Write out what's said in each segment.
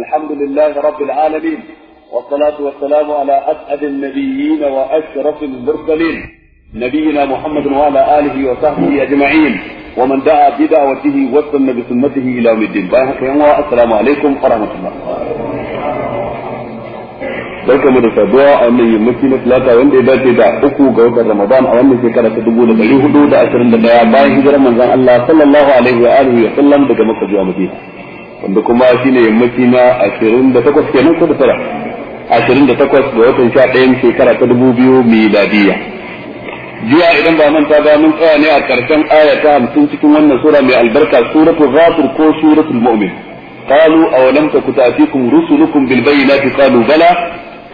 الحمد لله رب العالمين والصلاة والسلام على أسعد النبيين وأشرف المرسلين نبينا محمد وعلى آله وصحبه أجمعين ومن دعا بدعوته واستنى بسنته إلى يوم الدين بارك السلام عليكم ورحمة الله barka mu da saduwa a wannan yammaci na talata wanda ya dace da uku ga watan ramadan a wannan shekara ta dubu da ɗari hudu da ashirin da ɗaya bayan hijirar manzon allah sallallahu alaihi wa alihi wa sallam daga makka zuwa madina wanda kuma shi ne yammaci na ashirin da takwas kenan ko da tara ashirin da takwas da watan sha ɗayan shekara ta dubu biyu miladiyya jiya idan ba manta ba mun tsaya ne a ƙarshen aya ta hamsin cikin wannan sura mai albarka suratul ghafir ko suratul mu'min qalu aw lam takutafikum rusulukum bil bayyinati qalu bala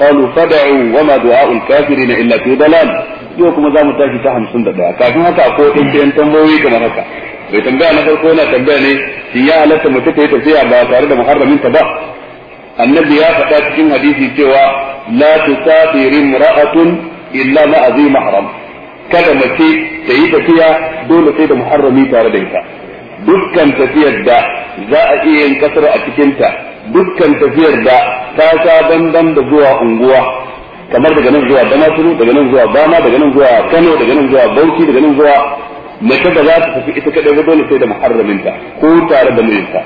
qalu fad'u wa ma du'a'ul kafirin illa fi dalal yau kuma za mu tashi ta hamsin da ɗaya kafin haka akwai ɗan tambayoyi kamar haka bai tambaya na farko yana tambaya ne shi ya halatta mace ta yi tafiya ba tare da muharramin ta ba annabi ya faɗa cikin hadisi cewa la tusafiru imra'atun illa ma'a zai mahram kada mace ta yi tafiya dole sai da muharrami tare da ita dukkan tafiyar da za a iya yin kasar a cikin ta dukkan tafiyar da ta sa dandan da zuwa unguwa kamar daga nan zuwa damaturu daga nan zuwa bama daga nan zuwa kano daga nan zuwa bauchi daga nan zuwa mace ba za ta tafi ita kadai ba dole sai da muharraminta ko tare da mijinta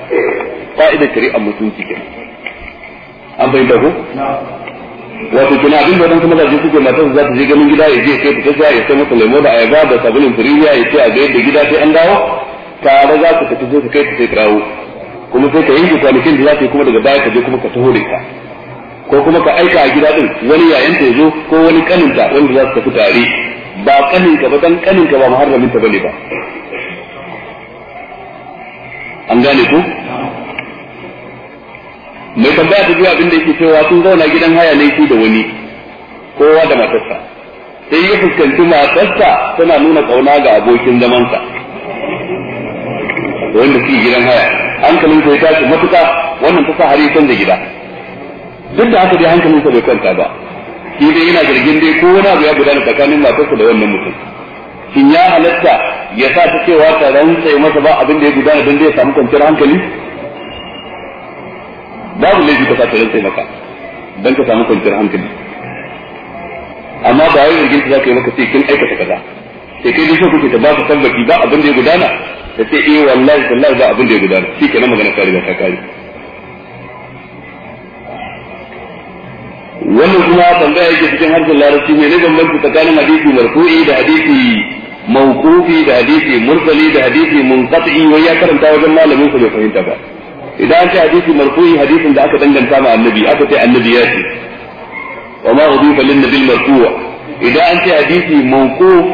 fa'idar shari'a mutunci kenan an bai ko wato kina abin da wadansu mazaje suke matar za ta je ganin gida ya je sai ta tafiya ya sai masa lemo da ayaba da sabulin firiya ya ce a ga yadda gida sai an dawo tare za ta tafi sai ta kai ta sai kawo kuma sai ka yanke kwanakin da za ta yi kuma daga baya ka je kuma ka taho da ita ko kuma ka aika a gida din wani yayanta ya zo ko wani kaninta wanda za su tafi tare ba kanin ka ba dan kanin ka ba muharramin ta bane ba an gane ku? mai tambaya ta zuwa abin da yake cewa sun zauna gidan haya ne shi da wani kowa da matarsa sai ya fuskanci matarsa tana nuna kauna ga abokin zamansa wanda suke gidan haya hankalin ya tashi matuka wannan ta sa har ya canza gida duk da haka dai hankalin sa bai kwanta ba shi dai yana jirgin dai ko wani abu ya gudana tsakanin matarsa da wannan mutum shin ya halatta ya sa ta cewa ta rantsa masa ba abin da ya gudana don zai samu kwanciyar hankali babu laifi ka sa ta rantsa maka don ka samu kwanciyar hankali amma ba yi jirgin ta za ka yi maka sai kin aikata kaza sai kai dai kuke ta ba ka tabbaci ba abin da ya gudana ta ce eh wallahi wallahi ba abin da ya gudana shi kenan magana ta riga ta kare wannan kuma tambaya yake cikin harshen larabci ne ne bambanci tsakanin hadisi marfu'i da hadisi mawqufi da hadisi mursali da hadisi munqati wai ya karanta wajen malamin sa bai fahimta ba idan an ce hadisi marfu'i hadisin da aka danganta ma annabi aka ce annabi ya ce wa ma udifa lin nabil marfu'a idan an ce hadisi mawquf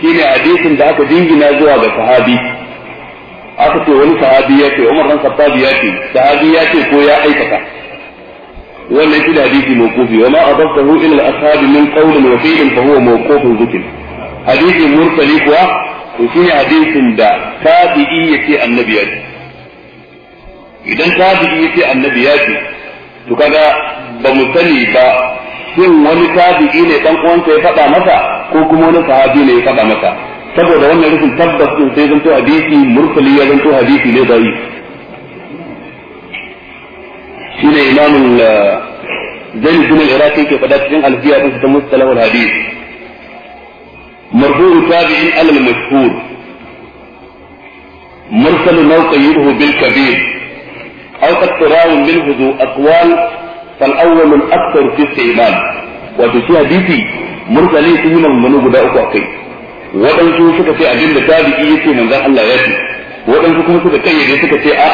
shine hadisin da aka dingina zuwa ga sahabi aka ce wani sahabi ya ce Umar dan Khattab ya ce sahabi ya ce ko ya aikata wannan shi da hadisi mawqufi wa ma adaftahu ila al-ashabi min qawlin wa fi'lin fa huwa mawqufun zikr hadisi mursali kuwa to shine hadisin da tabi'i yace annabi ya idan tabi'i yace annabi ya ce to kaga ba mu sani ba shin wani tabi'i ne dan uwansa ya faɗa masa ko kuma wani sahabi ne ya faɗa masa saboda wannan rufin tabbas din sai zanto hadisi mursali ya zanto hadisi ne bai shine imamul eh, zain bin al-iraqi yake fada cikin alfiya din ta mustalah al-hadith marfu tabi'in al-mashhur mursal nawqiyuhu bil kabir aw qad tarawu minhu aqwal fal awwal al-akthar fi istimal wa fi hadithi mursali sunan manu guda uku akai waɗansu suka ce abin da tabi'i yake manzon Allah ya ce waɗansu kuma suka kayyade suka ce a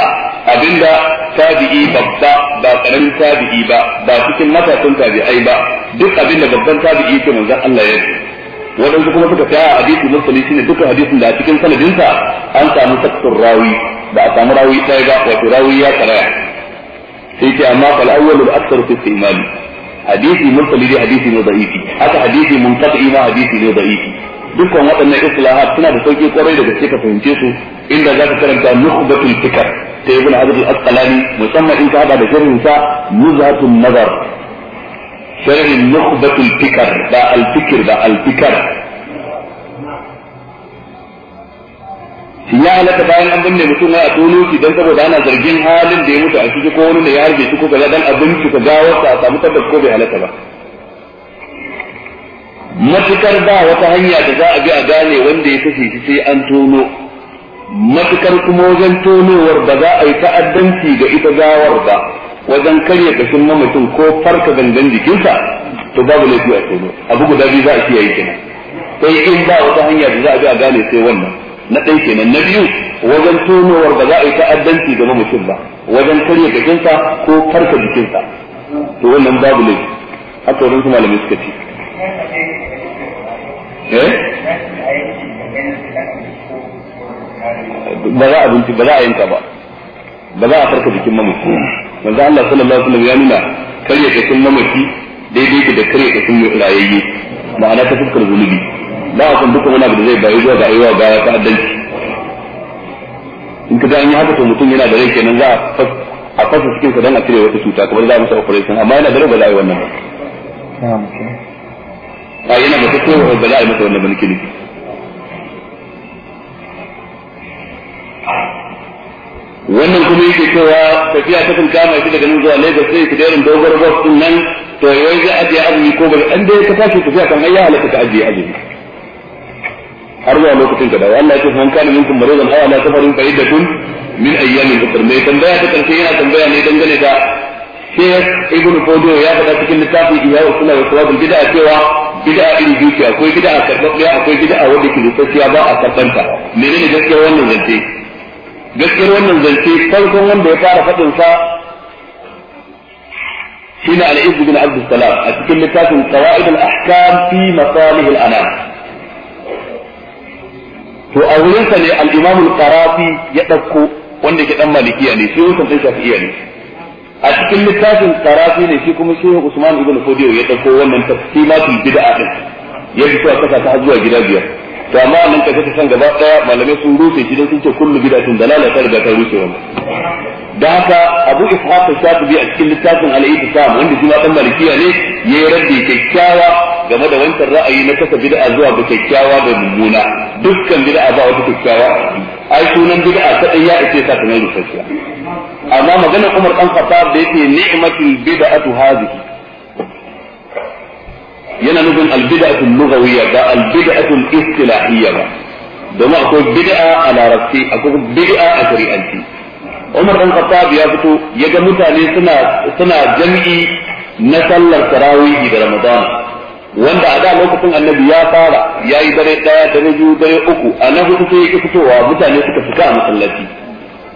abinda tabi'i babba ba karamin tabi'i ba ba cikin matasan tabi'ai ba duk abinda babban tabi'i ke manzon Allah ya yi waɗansu kuma suka tsaya hadisi mursali shine duka hadisin da a cikin sanadinsa an samu sakkun rawi ba a samu rawi ɗaya ba wato rawi ya karaya sai ce amma fal awwalu al-aktharu fi istimali hadisi mursali da hadisi ne da'ifi haka hadisi munqati ma hadisi ne da'ifi dukkan waɗannan islahat suna da sauki kwarai da gaske ka fahimce su inda za ka karanta nukhbatul fikar ta ibn hajar al-asqalani musamman in ka hada da shirin sa nuzhatun nazar sharhin nukhbatul fikar da al-fikr da al ya halatta bayan an binne mutum a tono shi dan saboda ana zargin halin da ya mutu a ciki ko wani da ya harbe shi ko kaza dan abinci ka gawarsa a samu tabbas ko bai halatta ba matukar ba wata hanya da za a bi a gane wanda ya kashe shi sai an tono matukar kuma wajen tonowar ba za a yi ta'addanci ga ita gawar ba wajen karya kashin mamacin ko farka gangan jikinsa to babu laifi a tono abu guda biyu za a kiyaye kenan sai in ba wata hanya da za a bi a gane sai wannan na ɗaya kenan na biyu wajen tonowar ba za a yi ta'addanci ga mamacin ba wajen karya kashinsa ko farka jikinsa to wannan babu laifi haka wajen su malamai suka ce Eh? ba za a binci ba za a yanka ba ba za a farka jikin mamaki manzo Allah sallallahu alaihi wasallam ya nuna karya jikin mamaki daidai da karya jikin rayayye ma'ana ta fuskar zunubi ba a san duka wani abu da zai bayi zuwa ga aiwa ga ta addanci in ka an yi haka to mutum yana da rai kenan za a fasa cikin sa don a cire wata cuta kamar za a masa operation amma yana da rai ba za a yi wannan ba a yana mutu ko ba za a yi masa wannan mulki ne nufi wannan kuma yake cewa tafiya ta kuma kama shi daga nan zuwa Lagos sai ku dairin dogor bus din nan to yayi za a je azumi ko ba an dai ka tashi tafiya kan ayya halaka ta ajiye azumi har zuwa lokacin ka da Allah ya ce fa kana minkum maridan aw ala safarin fa iddatun min ayyamin ukhra mai tambaya ta karshe yana tambaya ne dangane da Sheikh Ibn Fodo ya faɗa cikin littafin Iya Usula wa Sawabul Bid'a cewa bid'a iri biyu ce akwai bid'a karɓaɓɓiya akwai bid'a wanda ke rufasiya ba a karɓanta ne gaskiyar wannan zance gaskiyar wannan zance farkon wanda ya fara faɗin sa shine al-Izz bin Abdul Salam a cikin littafin Qawaid al-Ahkam fi Masalih al-Anam to a wurin sa ne al-Imam al-Qarafi ya dauko wanda ke dan malikiya ne sai wutan sai shafi'iya ne a cikin littafin karafi ne shi kuma shehu usman ibn fudiyo ya dauko wannan tafsilatul bid'a din ya bi a kaka ta zuwa gida biyar to amma nan ka ta san gaba daya malamai sun rufe shi dan sun ce kullu bid'atin dalala ta riga ta rufe wannan da haka abu ishaq shafi a cikin littafin al-ittisam wanda shi ma dan malikiya ne yayi raddi kyakkyawa game da wancan ra'ayi na kasa bid'a zuwa ga kyakkyawa da mummuna dukkan bid'a ba wata kyakkyawa ai sunan bid'a kadai ya ce ta kamar rufe amma maganar Umar dan Khattab da yake ni'matul bid'atu hadhihi yana nufin albid'atu lughawiyya ba albid'atu istilahiyya ba domin akwai bid'a a larabci akwai bid'a a shari'anci Umar dan Khattab ya fito yaga mutane suna suna jami'i na sallar tarawih da Ramadan wanda a da lokacin annabi ya fara ya yi dare ɗaya dare biyu dare uku a na sai ya fitowa mutane suka fita a masallaci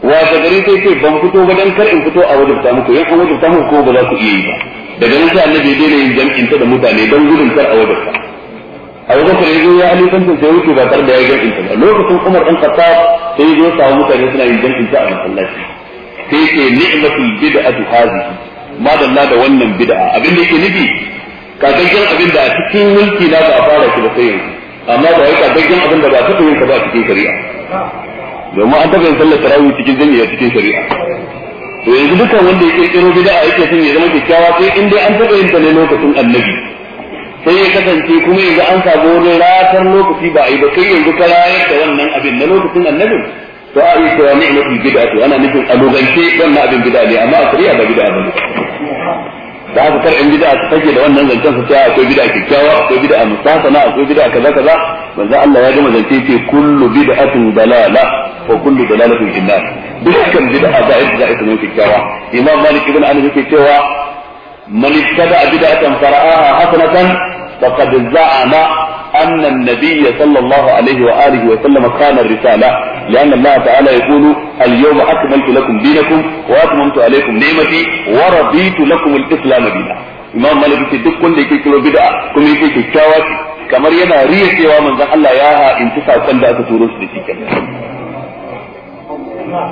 wa ta gari sai ce ban fito ba dan kar in fito a wajibta muku yan an wajibta muku ko ba za ku iya yi ba daga nan sai annabi ya yin jam'in ta da mutane dan gudun kar a wajibta a wajen kare zo ya ali kan sai wuce ba tare da ya jam'in ta lokacin Umar dan Khattab sai ya zo samu mutane suna yin jam'in ta a masallaci sai ce ni'matul bid'atu hadhihi madalla da wannan bid'a abin da yake nufi kagaggen abin da a cikin mulki na ba fara shi ba sai yanzu amma ba wai kagaggen abin da ba a taɓa yin ka ba a cikin shari'a domin an taɓa yin sallar tarawih cikin jami'a cikin shari'a to yanzu dukkan wanda ya kirkiro bid'a yake son ya zama kyakkyawa sai in dai an taɓa yin ta ne lokacin annabi sai ya kasance kuma yanzu an samu wani ratar lokaci ba a yi ba sai yanzu ka rayar da wannan abin na lokacin annabin to a yi cewa ni'imatul bid'a to ana nufin a dogance wannan abin bid'a ne amma a shari'a ba bid'a bane da haka kar in bid'a ta take da wannan zancen su cewa akwai bid'a kyakkyawa akwai bid'a mustasana akwai bid'a kaza kaza manzo Allah ya gama zance ce kullu bid'atin dalala wa kullu dalalatin fi nar dukkan bid'a da ita da ita muke cewa imam malik ibn anas yake cewa man ibtada bid'atan fara'aha hasanatan faqad za'ama أن النبي صلى الله عليه وآله وسلم كان الرسالة لأن الله تعالى يقول اليوم أكملت لكم دينكم وأتممت عليكم نعمتي ورضيت لكم الإسلام دينا imam malik duk wanda yake kiro bid'a kuma yake kyakkyawa kamar yana riya cewa manzon Allah ya ha in da aka turo su da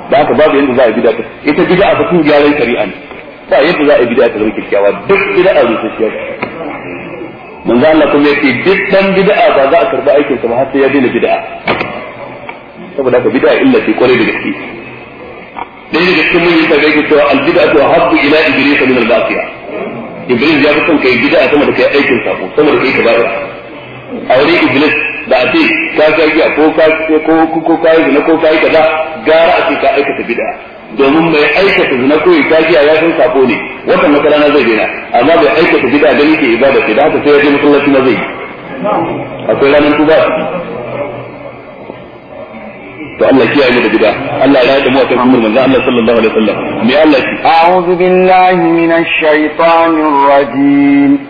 da haka babu yadda za a bid'a ta ita bid'a a tun gyaran shari'a ne ba yadda za a bid'a ta zama kyakkyawa duk bid'a rusasshiya manzo Allah kuma yake duk dan bid'a ba za a karba aikin sa ba har sai ya daina bid'a saboda ka bid'a illa ce kwarai da gaske dai da gaske mun yi ta yake cewa al ko habbu ila iblis min al-baqiya iblis ya fi son kai bid'a sama da kai aikin sako sama da kai ba a wurin iblis da a ce ka sha giya ko ka ko ko ka yi ko ka yi kaza gara a ce ka aikata bid'a domin mai aikata zina ko ya giya ya san sako ne wata wata na zai daina amma bai aikata bid'a da yake ibada ce da haka sai ya je masallaci na zai akwai ranar tuba to Allah kiyaye mu da gida Allah ya mu a kan umar manzo Allah sallallahu alaihi wasallam me Allah ki a'udhu billahi minash shaitanir rajim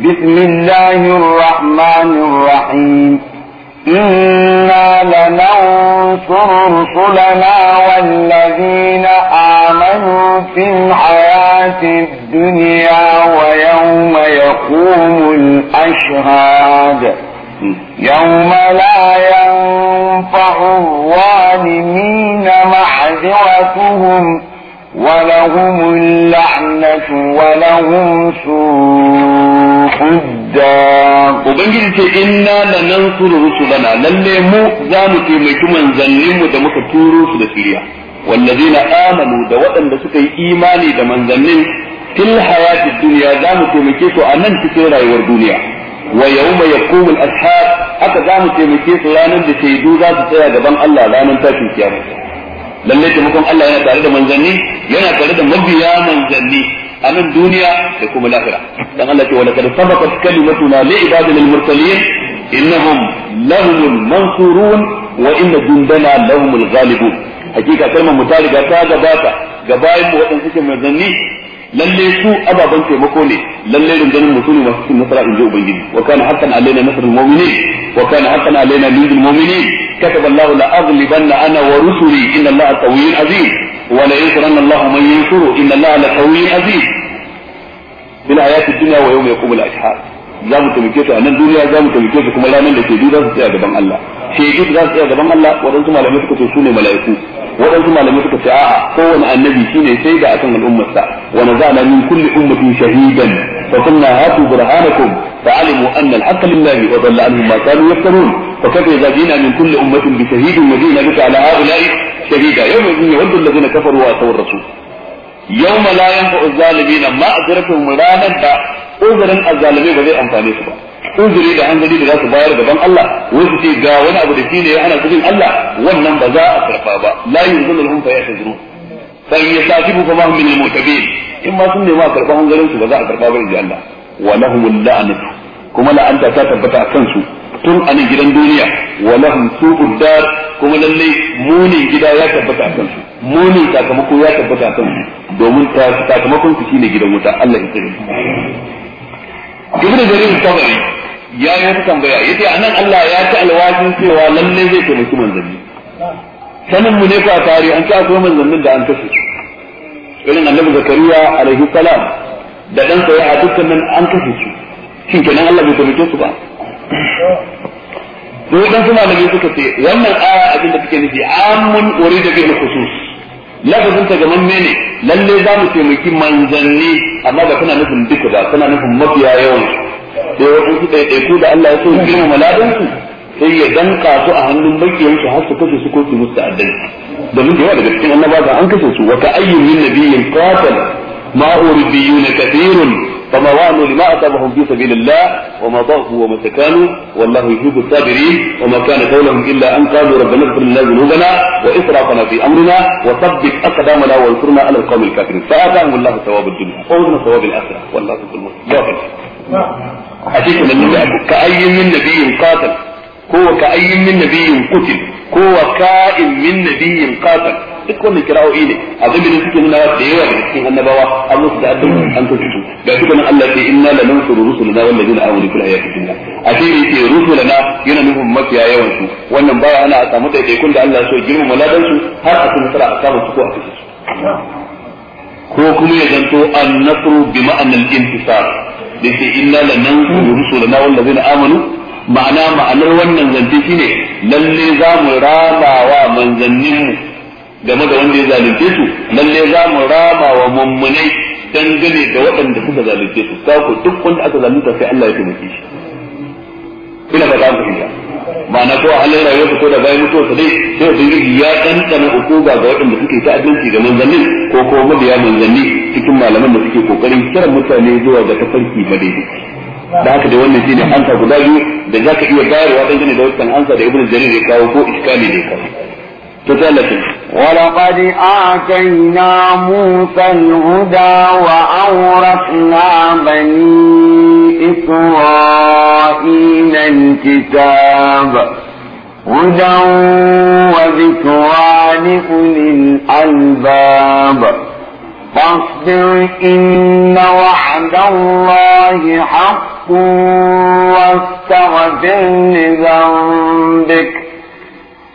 بسم الله الرحمن الرحيم إنا لننصر رسلنا والذين آمنوا في الحياة الدنيا ويوم يقوم الأشهاد يوم لا ينفع الظالمين محذرتهم ولهم اللعنة ولهم سوء الدار وبنجد إنا لننصر رسلنا للي مو زامو تيميكو من ظنمو دمك تورو سلسلية والذين آمنوا دوأن لسكي إيماني دمن ظنم في الحياة الدنيا زامو تيميكيسو أنن تكيرا يور دنيا ويوم يقوم الأصحاب أكا زامو تيميكيسو لا نمد سيدو ذات سيادة بان الله لا نمتاكي كيامتا lalle taimakon Allah yana tare da manzanni yana tare da mabiya manzanni a nan duniya da kuma lahira dan Allah ce wala kad sabaqat kalimatuna li ibadil mursalin innahum lahumul mansurun wa inna jundana lahumul ghalibun hakika kalmar mu ta riga ta gabata ga bayan mu waɗanda suke manzanni lalle su ababan taimako ne lalle rundunar mutum ne masu cikin nasara in ji ubangiji wa kana hakan alaina nasrul mu'minin wa kana hakan alaina nuzul mu'minin كتب الله لأغلبن أنا ورسلي إن الله قوي عزيز ولينصرن الله من ينصره إن الله لقوي عزيز في الحياة الدنيا ويوم يقوم الأشهاد za mu taimake su a nan duniya za mu taimake su kuma ranar da ke biyu za su tsaya gaban Allah shaidu za su tsaya gaban Allah waɗansu malamai suka ce su ne mala'iku waɗansu malamai suka ce a'a kowane annabi shine sai da akan al'ummarsa wa nazana min kulli ummatin shahidan fa kunna hatu burhanakum فعلموا أن الحق لله وضل عنهم ما كانوا يفترون فكيف إذا جينا من كل أمة بشهيد وجينا بك على هؤلاء شهيدا يوم يود الذين كفروا وأتوا الرسول يوم لا ينفع الظالمين معذرتهم رانا uzurin azzalimai ba zai amfane su ba uzuri da hanzari da za su bayar gaban Allah wasu ce ga wani abu da shine ana cikin Allah wannan ba za a karfa ba la yuzunul hum fa yahzurun fa yasafihu fa mahum min al-mutabin in ma sun nema karfa hanzarin su ba za a karfa ba inji Allah wa lahumul la'natu kuma la'anta ta tabbata a su tun a gidan duniya wa lahum su'ud dar kuma lalle muni gida ya tabbata a su muni sakamako ya tabbata a su domin sakamakon su shine gidan wuta Allah ya tsare ibnu jarir tabari ya yi wata tambaya yace anan Allah ya ta alwajin cewa lalle zai taimaki manzanni sanin mu ne ko a tare an ci akwai manzannin da an tafi irin annabi zakariya alaihi salam da dan sai a dukkan nan an tafi su shin kenan Allah bai taimake su ba ko dan su malamai suka ce wannan aya abin da take nufi amun urida bil khusus lafazin ta gaman mene lalle za mu taimaki manzanni amma ba tana nufin duka ba tana nufin mafiya yawan sai waɗansu ɗaiɗaiku da Allah ya so girma maladansu sai ya danka su a hannun su har su kashe su ko su musu ta'addai domin da yawa daga cikin annaba an kashe su wa ka ayyu min nabiyyin qatal ma kafirin. kathirun فما وانوا لما أصابهم في سبيل الله وما ضعفوا وما استكانوا والله يحب الصابرين وما كان قولهم إلا أن قالوا ربنا اغفر لنا ذنوبنا وإسرافنا في أمرنا وثبت أقدامنا وانصرنا على القوم الكافرين فآتاهم الله ثواب الدنيا وأوزن ثواب الآخرة والله يحب المسلمين حديث من كأي من نبي قاتل هو كأي من نبي قتل هو كائن من نبي قاتل duk wannan kira'o'i ne abin da suke nuna da yawa daga cikin annabawa an musu da addu'a an kauce su ga shi kuma Allah ya inna la nansuru rusulana wal ladina amanu fil hayati dunya a ce yake rusulana yana nufin mafiya yawan su wannan baya ana a samu daidaikun da Allah so girmama ladan su har a kuma sara a samu su ko a kace su ko kuma ya zanto an-nasru bi ma'anal intisar dace inna la nansuru rusulana wal ladina amanu ma'ana ma'anar wannan zance shine lalle za mu rama wa manzanninmu game da wanda ya zalunce su lalle za mu rama wa mummunai dangane da waɗanda suka zalunce su ta ku duk wanda aka zalunta sai Allah ya taimake shi ina ba za mu ba ma'ana ko halin rayuwar su ko da bayan mutuwa su dai sai ubangiji ya ɗanɗana ukuba ga waɗanda suke ta'addanci ga manzanni ko ko mabiya manzanni cikin malaman da suke kokarin kiran mutane zuwa ga tafarki daidai. da haka da wannan shine ansa guda biyu da za ka iya bayarwa dangane da wannan ansa da ibnu jarir ya kawo ko iskali ne kawai to sai Allah ولقد آتينا موسى الهدى وأورثنا بني إسرائيل الكتاب هدى وذكرى لأولي الألباب فاصبر إن وعد الله حق واستغفر لذنبك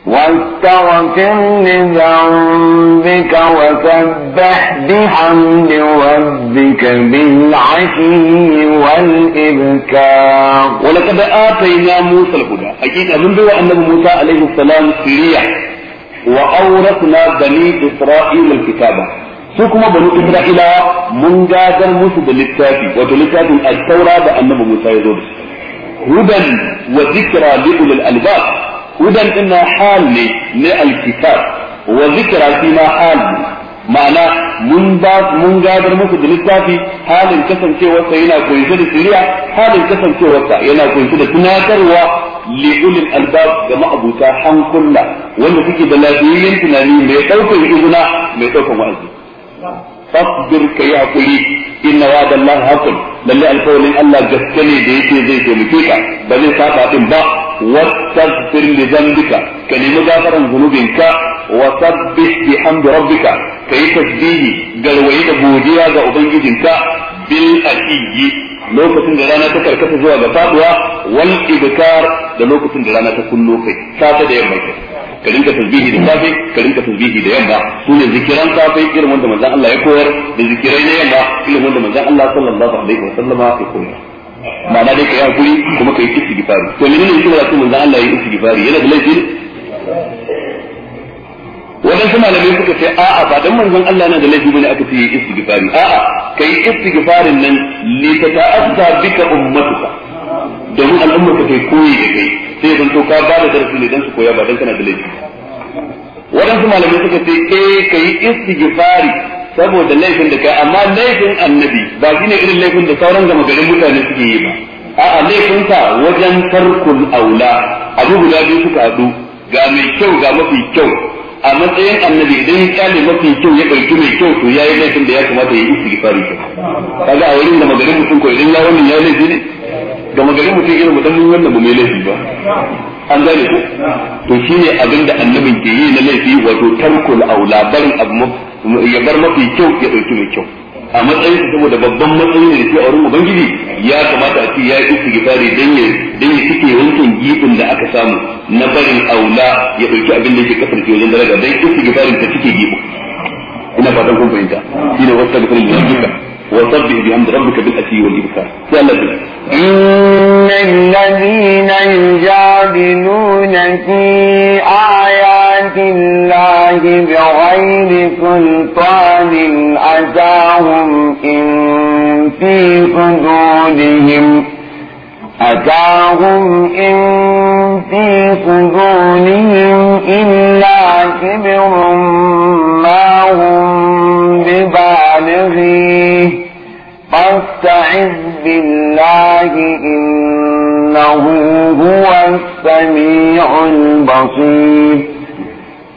واستغفر لذنبك وسبح بحمد ربك بالعشي والإبكار ولقد آتينا موسى الهدى أكيد أمن بوا أن موسى عليه السلام سريع وأورثنا بني إسرائيل الكتابة سكما بنو إسرائيل من جاد الموسى بالكتاب وتلكات التوراة أن موسى يزور هدى وذكرى لأولي الألباب hudan ina na hal ne na alkitab wa zikra fi ma hal ma'ana mun ba mun gadar muku da littafi halin kasancewarsa yana kunshe da shari'a halin kasancewarsa yana kunshe da tunatarwa li ulil albab ga ma'abuta hankulla wanda suke da lafiyayyen tunani mai daukar izina mai daukar wa'azi fasbir ka hakuri inna wa da Allah lalle alƙawarin Allah gaske ne da yake zai taimake ka ba zai saba din ba واستغفر لذنبك كلمة غفرا ذنوبك وسبح بحمد ربك كي تسبيه قال وإذا بوديا أبنجدك بالأشي lokacin da rana ta karkata zuwa ga faduwa wal ibkar da lokacin da rana ta kullo kai safe da yamma kai ka rinka tasbihi da safe ka rinka tasbihi da yamma su ne zikiran safe irin wanda manzon Allah ya koyar da zikirai na wanda Allah ya ma'ana dai ka yi hakuri kuma kai istighfari to menene shi ba su manzon Allah ya yi istighfari yana da laifi wadansu malamai suka ce a'a ba dan manzon Allah na da laifi bane aka ce istighfari a'a kai istighfarin nan li tata'azza bika ummatuka domin al'ummarka kai koyi da kai sai ya zanto ka ba da darasi ne dan su koya ba dan kana da laifi wadansu malamai suka ce eh kai istighfari saboda laifin da kai amma laifin annabi ba ne irin laifin da sauran gama garin mutane suke yi ba a'a laifin ta wajen tarkul aula abu guda biyu suka hadu ga mai kyau ga mafi kyau a matsayin annabi idan ya kyale mafi kyau ya ɗauki mai kyau to yayi laifin da ya kamata ya yi gifari ke kaga a wurin gama garin mutum ko idan ya wani ya laifi ne gama garin mutum irin mu wannan ba mai laifi ba an gane ku to ne abin da annabin ke yi na laifi wato tarkul a barin abu ya bar mafi kyau ya ɗauki mai kyau a matsayin su saboda babban matsayin da ke auren ubangiji ya kamata a ce ya yi gifari don ya don ya cike wankin gifin da aka samu na barin aula ya ɗauki abin da ke yake ke wajen daraja dan gifarin ta cike gifin ina fatan kun fahimta wasu wasta da kullum وسبح بحمد ربك بالأتي والإبكار إن الذين يجادلون في آيات الله بغير سلطان أتاهم إن في صدورهم أتاهم إن في صدورهم إلا كبر ما هم ببالغ عليه فاستعذ بالله إنه هو السميع البصير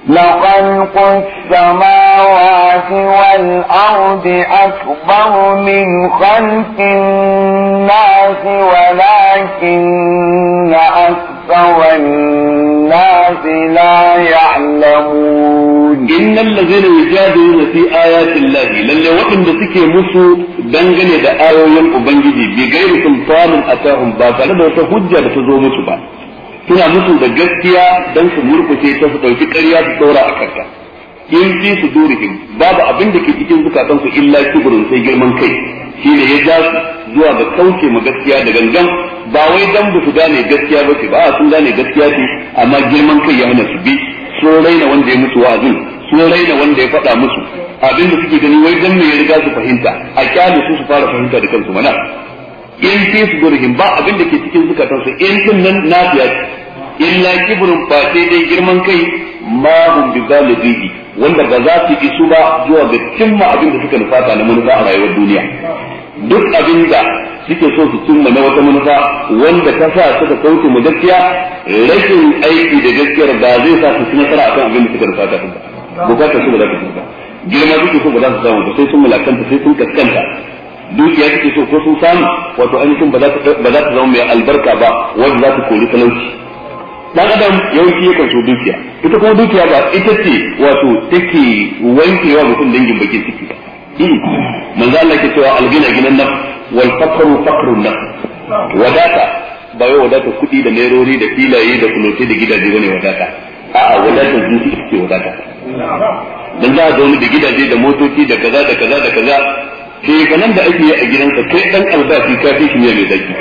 لخلق السماوات والأرض أكبر من خلق الناس ولكن أكثر الناس لا يعلمون إن الذين يجادلون في آيات الله لن وإن تكي مسو دنجل دعاوين أبنجي بغير سلطان أتاهم باطل لو تهجى لتزوم سبحانه suna musu da gaskiya don su murkushe ta su ɗauki ƙarya su ɗora a karta in fi su durihim babu abin da ke cikin zukatan su illa kiburin sai girman kai shi ne ya ja su zuwa ga kauce ma gaskiya da gangan ba wai dan ba su gane gaskiya ba ce ba a sun gane gaskiya ce amma girman kai ya hana su bi sun raina wanda ya mutu wa'azin sun raina wanda ya faɗa musu abin da suke gani wai dan me ya riga su fahimta a kyale su su fara fahimta da kansu mana in fi sudurihim ba abin da ke cikin zukatan su in din nan nafiya ce illa kibrun ba sai dai girman kai ma hum bi zalibi wanda ba za su isu ba zuwa ga cimma abin da suka nufata na manufa a rayuwar duniya duk abin da suke so su cimma na wata manufa wanda ta sa suka kauce mu gaskiya rashin aiki da gaskiyar ba zai sa su ci nasara akan abin da suka nufata ba bukatar su ba za su girma suke so ba za su samu ba sai sun mulakanta sai sun kaskanta dukiya kake so ko sun samu wato an ainihin ba za ta zama mai albarka ba wanda za ta kori talauci dan adam yawanci yakan so dukiya ita kuma dukiya ba ita ce wato take wankewa mutum dangin bakin ciki hmm. manzo Allah ke cewa algina ginan nan wal faqru faqru nan wadata ba wai wadata kudi da nerori da filaye da kulote da gidaje bane wadata a'a wadatar zuci ce wadata dan za a zo da gidaje da motoci da kaza da kaza da kaza nan da ake yi a gidanka kai dan albashi ka fi shi ne mai zaki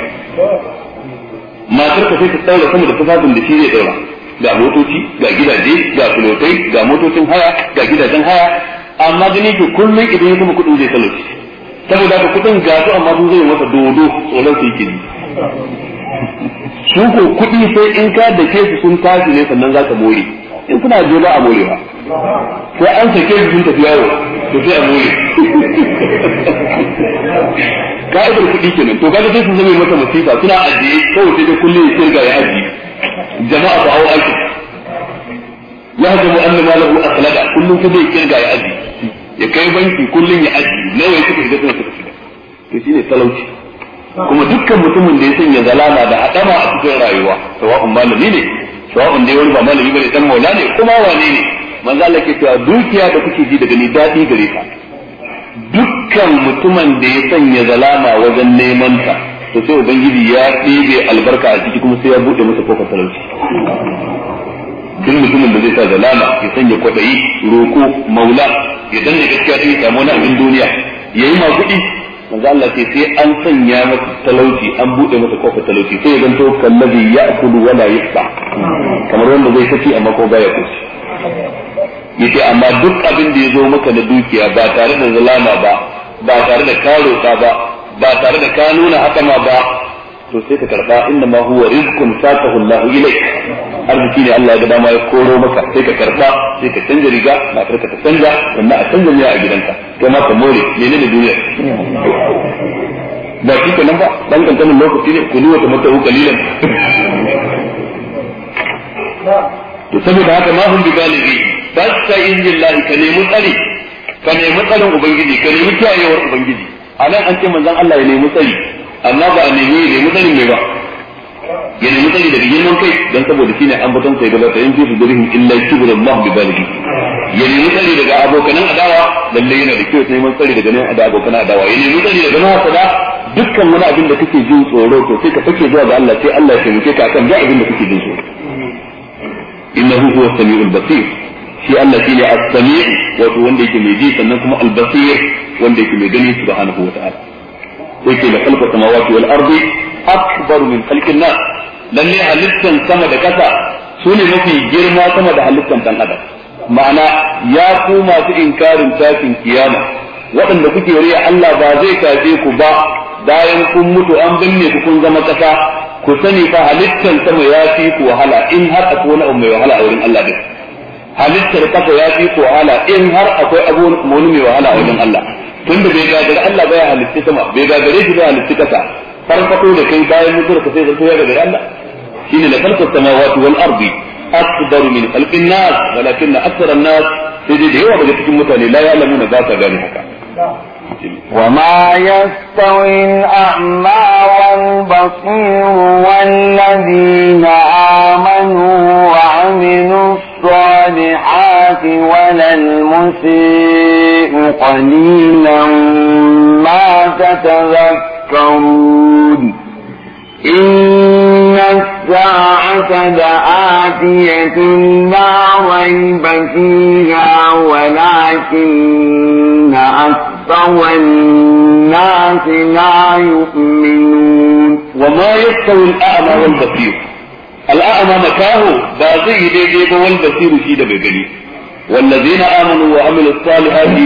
matar ka sai ta tsaura sama da tufafin da shi zai daura ga motoci ga gidaje ga filotai, ga motocin haya ga gidajen haya amma gani ke kullum idan ya kuma kudin zai talauci saboda ka kudin ga su amma sun zai masa dodo tsoron su yake su ko kudi sai in ka da ke su sun tashi ne sannan za ka more in suna je ba a more ba ko an sake su sun tafi yawo to sai a ka ka'idar kuɗi kenan to kaga sai sun zama masa masifa suna ajiye kawai sai da kullum ya kirga ya ajiye jama'a ta hau aiki ya hajjamu annu malahu akhlaqa kullum sai dai kirga ya ajiye ya kai banki kullum ya ajiye nawa ya kuka shiga suna suka shiga to shine talauci kuma dukkan mutumin da ya sanya zalama da haɗama a cikin rayuwa sawa'un malami ne sawa'un dai wani ba malami bane dan maula ne kuma wane ne manzo Allah ke cewa dukiya da kuke ji daga ni dadi gare ka dukkan mutumin da ya sanya zalama wajen neman ta to sai ubangiji ya ɗebe albarka a ciki kuma sai ya bude masa kofar talauci duk mutumin da zai sa zalama ya sanya kwaɗayi roko maula ya danna gaskiya sai yi samu na abin duniya ya yi ma kuɗi manzo Allah ce sai an sanya masa talauci an bude masa kofar talauci sai ya zanto kallabi ya'kulu wala yasba kamar wanda zai saki amma ko baya kuci yace amma duk abin da ya zo maka na dukiya ba tare da zalama ba ba tare da karo ka ba ba tare da ka nuna haka ma ba to sai ka karba inda ma huwa rizqun satahu Allah ilayk arziki ne Allah ya gada ma ya koro maka sai ka karba sai ka canza riga na karka ta canza wanda a canza miya a gidanka kai ma ka more menene duniya ba shi kenan ba dan kankanin lokaci ne ku duwa ta mata kalilan to saboda haka ma hum bi galibi inji injillahi ka nemi tsari ka nemi tsarin ubangiji ka nemi kiyayewar ubangiji anan an ce manzon Allah ya nemi tsari amma ba a nemi ya nemi tsarin ba ya nemi tsari daga girman kai dan saboda shine ambaton sai gaba ta yanzu gurihim illa kibru Allah bi balighi ya nemi tsari daga abokanan adawa lalle yana da kyau neman tsari daga nan da abokan adawa ya nemi tsari daga mahasada dukkan wani abin da kake jin tsoro to sai ka fake zuwa ga Allah sai Allah ya taimake ka akan duk abin da kake jin tsoro innahu huwa samiul basir shi Allah shine as-sami' wato wanda yake mai ji sannan kuma al-basir wanda yake mai gani subhanahu wa ta'ala sai ke da khalqa samawati wal ardi akbar min khalqin nas lalle halittan sama da ƙasa su ne mafi girma sama da halittan dan adam ma'ana ya ku masu inkarin tashin kiyama waɗanda kuke riya Allah ba zai kaje ku ba bayan kun mutu an binne ku kun zama ƙasa ku sani fa halittan sama ya fi ku wahala in har akwai wani abu mai wahala a wurin Allah din halittar kafa ya fi ku wahala in har akwai abu wani mai wahala a wurin Allah tun da bai gagari Allah baya halitta sama bai gagare shi ba halitta kasa farfato da kai bayan mutuwar ka sai zai ya gagari Allah إن لخلق السماوات والأرض أكبر من خلق الناس ولكن أكثر الناس في تجد هو بجتكمتني لا يعلمون ذات ذلك وما يستوي الأعمى والبصير والذين آمنوا وعملوا الصالحات ولا المسيء قليلا ما تتذكرون إن الساعة لآتية لا ريب فيها ولكن أكثر الناس لا يؤمنون وما يستوي الأعمى والبصير الأعمى مكاه باقي ديدي والبصير شيد بجليل والذين آمنوا وعملوا الصالحات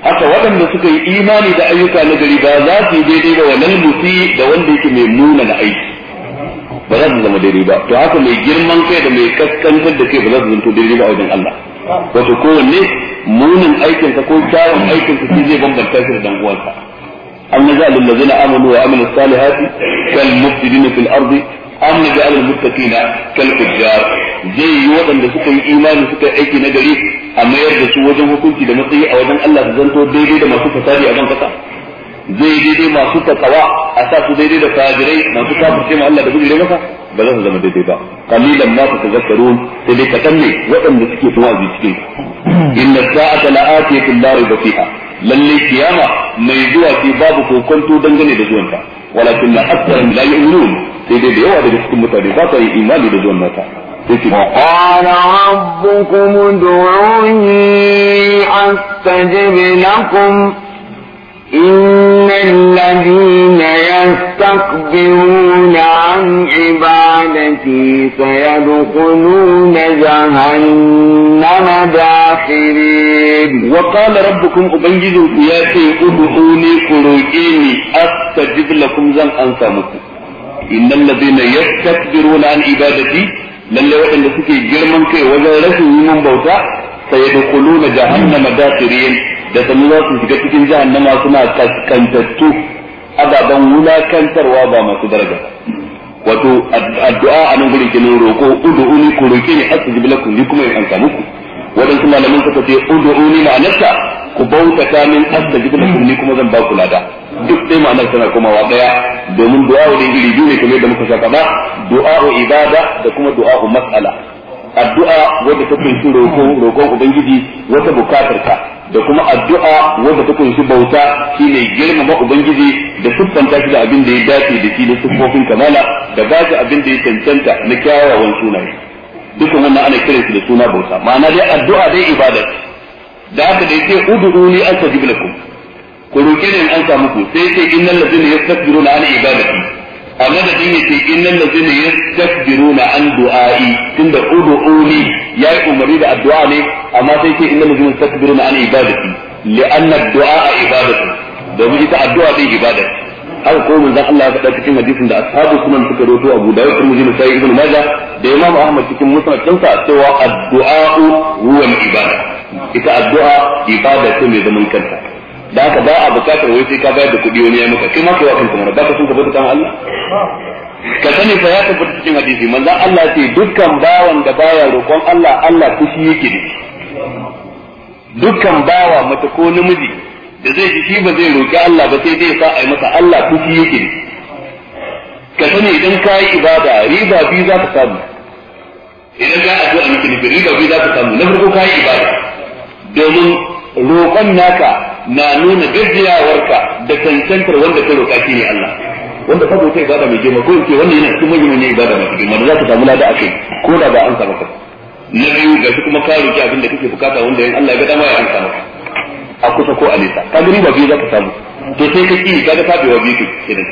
haka waɗanda suka yi imani da ayyuka na gari ba za su yi daidai ba wannan musi da wanda yake mai nuna na aiki ba za su zama daidai ba to haka mai girman kai da mai kaskantar da kai ba za su zanto daidai ba a wajen Allah wato kowanne munin aikinsa ko kyawun aikinsa shi zai bambanta shi da dan uwansa أم نجعل الذين kal وعملوا fil كالمفسدين في الأرض أم نجعل kal كالفجار zai yi waɗanda suka yi imani suka yi aiki na gari a mayar da su wajen hukunci da matsayi a wajen Allah da zanto daidai da masu fasadi a ban kasa zai daidai masu takawa a sa su daidai da fajirai masu kafirce ma Allah da gudure masa ba za su zama daidai ba qalilan ma tazakkarun sai dai kadan ne waɗanda suke tawazi cikin inna sa'ata la'atiyatun la rayba fiha lalle kiyama mai zuwa ce babu kokonto dangane da zuwanta walakin la aktharum la yu'minun sai dai da yawa daga cikin mutane ba ta yi imani da zuwan nata وقال ربكم ادعوني أستجب لكم إن الذين يستكبرون عن عبادتي سيدخلون جهنم داخرين وقال ربكم أبنجزكم يا سي ادعوني قرئيني أستجب لكم زن أنسامكم إن الذين يستكبرون عن عبادتي lalle waɗanda suke girman kai wajen rashin yimin bauta sai da kuluna jahannama dakirin da sanu za su shiga cikin jahannama suna kaskantattu ababen wulakantarwa ba masu daraja wato addu'a a nan gurin roko udu uli ku roƙe ni astajib lakum kuma in samu ku waɗansu malamin suka ce ud'uni ma'anarta ku bautata min da lakum ni kuma zan ba ku lada duk dai ma'anar tana komawa daya domin du'a da iri biyu ne kamar da muka saka ba du'a ibada da kuma du'a mas'ala addu'a wadda ta kunshi roƙon ubangiji wata bukatar ka da kuma addu'a wadda ta kunshi bauta shine girmama ubangiji da siffanta shi da abin da ya dace da shi da siffofin kamala da ba abin da ya cancanta na kyawawan sunaye dukan wannan ana kiran shi da suna bauta ma'ana dai addu'a dai ibada da haka da yake ud'uni astajib lakum ku roke ni an samu ku sai yake innal ladzina yastakbiruna an ibadati amma da din yake innal ladzina yastakbiruna an du'ai tunda ud'uni yayi umari da addu'a ne amma sai yake innal ladzina yastakbiruna an ibadati li'anna ad-du'a ibadatu domin ita addu'a dai ibada haka ko manzon Allah ya faɗa cikin hadisin da ashabu sunan suka roto Abu Dawud Tirmidhi da Sahih Ibn Majah da Imam Ahmad cikin musnad ɗinsa cewa addu'a huwa ibada ita addu'a ibada ce mai zaman kanta da haka ba a bukatar wai sai ka bayar da kuɗi wani ya maka kai ma kai wa kanka mana ba ka sun ka bauta Allah ka sani fa ya tabbata cikin hadisi manzon Allah ce dukkan bawan da baya roƙon Allah Allah kushi yake da dukkan bawa mace ko namiji da zai ji shi ba zai roƙi Allah ba sai dai sa a yi masa Allah kuki yake ka sani idan ka yi ibada riba biyu za ka samu idan ka yi addu'a miki ne riba biyu za ka samu na farko ka yi ibada domin roƙon naka na nuna gajiyawarka da cancantar wanda ka roƙa shi ne Allah wanda ka bauta ibada mai girma ko yake wannan yana cikin mahimmin ibada mai girma da za ka samu lada akai ko da ba an sa maka na biyu ga kuma ka roƙi abin da kake bukata wanda in Allah ya ga dama ya an sa maka a kusa ko a nesa ka gani ba biyu za ka samu to sai ka ki ga ta biyu biyu ke da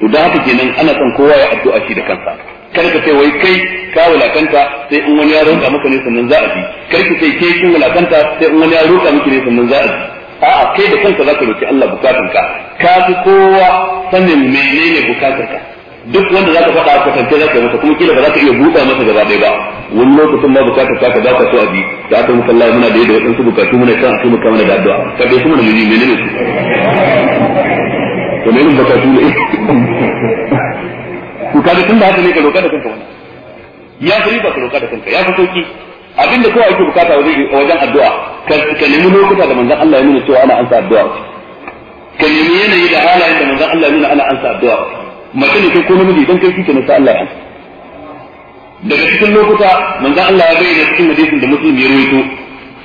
to da haka kenan ana son kowa ya addu'a shi da kansa kar ka sai wai kai ka wulakanta sai in wani ya roƙa maka ne sannan za a bi kar ka sai ke kin wulakanta sai in wani ya roƙa maka ne sannan za a bi a'a kai da kanka za ka roki Allah bukatunka ka fi kowa sanin menene bukatunka duk wanda zaka faɗa ka kwatance zaka masa kuma kila ba zaka iya buɗa masa gaba ɗaya ba wani lokacin ma bukatar ta ka ba ka so a bi da aka muka Allah muna da yadda waɗansu bukatu muna kan su muka mana da addu'a ka bai kuma da mene menene su to ne irin bukatu ne ku ka da tunda haka ne ka roƙa da kanka wani ya fi riba ka roƙa da kanka ya fi sauki abinda kawai ake bukata wajen addu'a ka nemi lokuta da manzon Allah ya nuna cewa ana ansa addu'a ka nemi yanayi da halayen da manzon Allah ya nuna ana ansa addu'a mace ne kai ko namiji idan kai kike na sa Allah ya daga cikin lokuta manzon Allah ya bayyana cikin hadisin da Muslim ya rawaito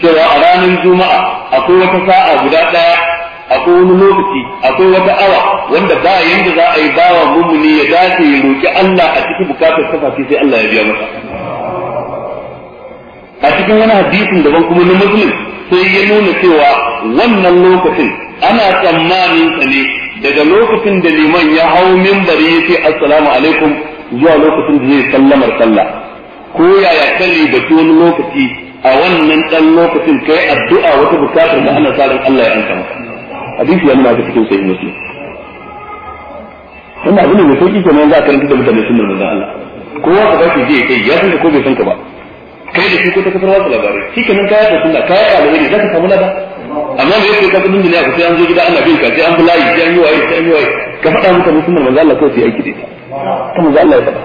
cewa a ranar Juma'a akwai wata sa'a guda daya akwai wani lokaci akwai wata awa wanda ba yanda za a yi bawa mumuni ya dace ya roki Allah a cikin bukatar safa sai Allah ya biya masa a cikin wani hadisin daban kuma na Muslim sai ya nuna cewa wannan lokacin ana tsammanin sa ne daga lokacin da liman ya hau mimbari yace assalamu alaikum zuwa lokacin da zai sallamar sallah ko yaya kalli da wani lokaci a wannan dan lokacin kai addu'a wata bukatar da ana sa Allah ya ansa maka hadisi yana da cikin sahih muslim wannan abin da mai sauki kenan za ka karanta da mutane sunnar manzon Allah kowa ka baki je kai ya san ko bai san ka ba kai da shi ko ta kasar wasu labarai shi kenan ka yi sunna ka yi alheri za ka samu lada amma da yake ka kudin duniya ka sai an zo gida ana bin ka sai an bulayi sai an yi waye sai an yi waye ka faɗa muka musulman manzo Allah kawai sai aiki da ita ta manzo Allah ya faɗa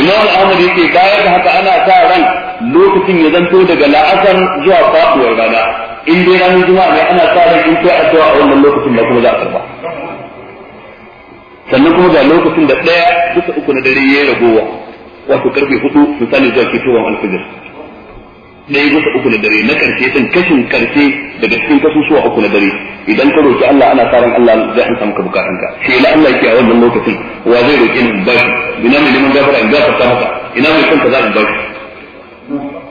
Imam Ahmad yake bayan da haka ana sa ran lokacin ya zanto daga la'asar zuwa faɗuwar rana in dai ranar juma'a ne ana sa ran in kai addu'a a wannan lokacin da kuma za a karba sannan kuma ga lokacin da ɗaya duka uku na dare ya yi ragowa wato karfe hudu misali zuwa fitowar alfijir ɗaya bisa uku na dare na karshe sun kashin karshe daga cikin suwa uku na dare idan ka roki Allah ana faran Allah zai an samu ka bukatun ka sai la Allah yake a wannan lokacin wa zai roki ni ba shi ina mai neman gafara in gafarta maka ina mai son kaza in ba shi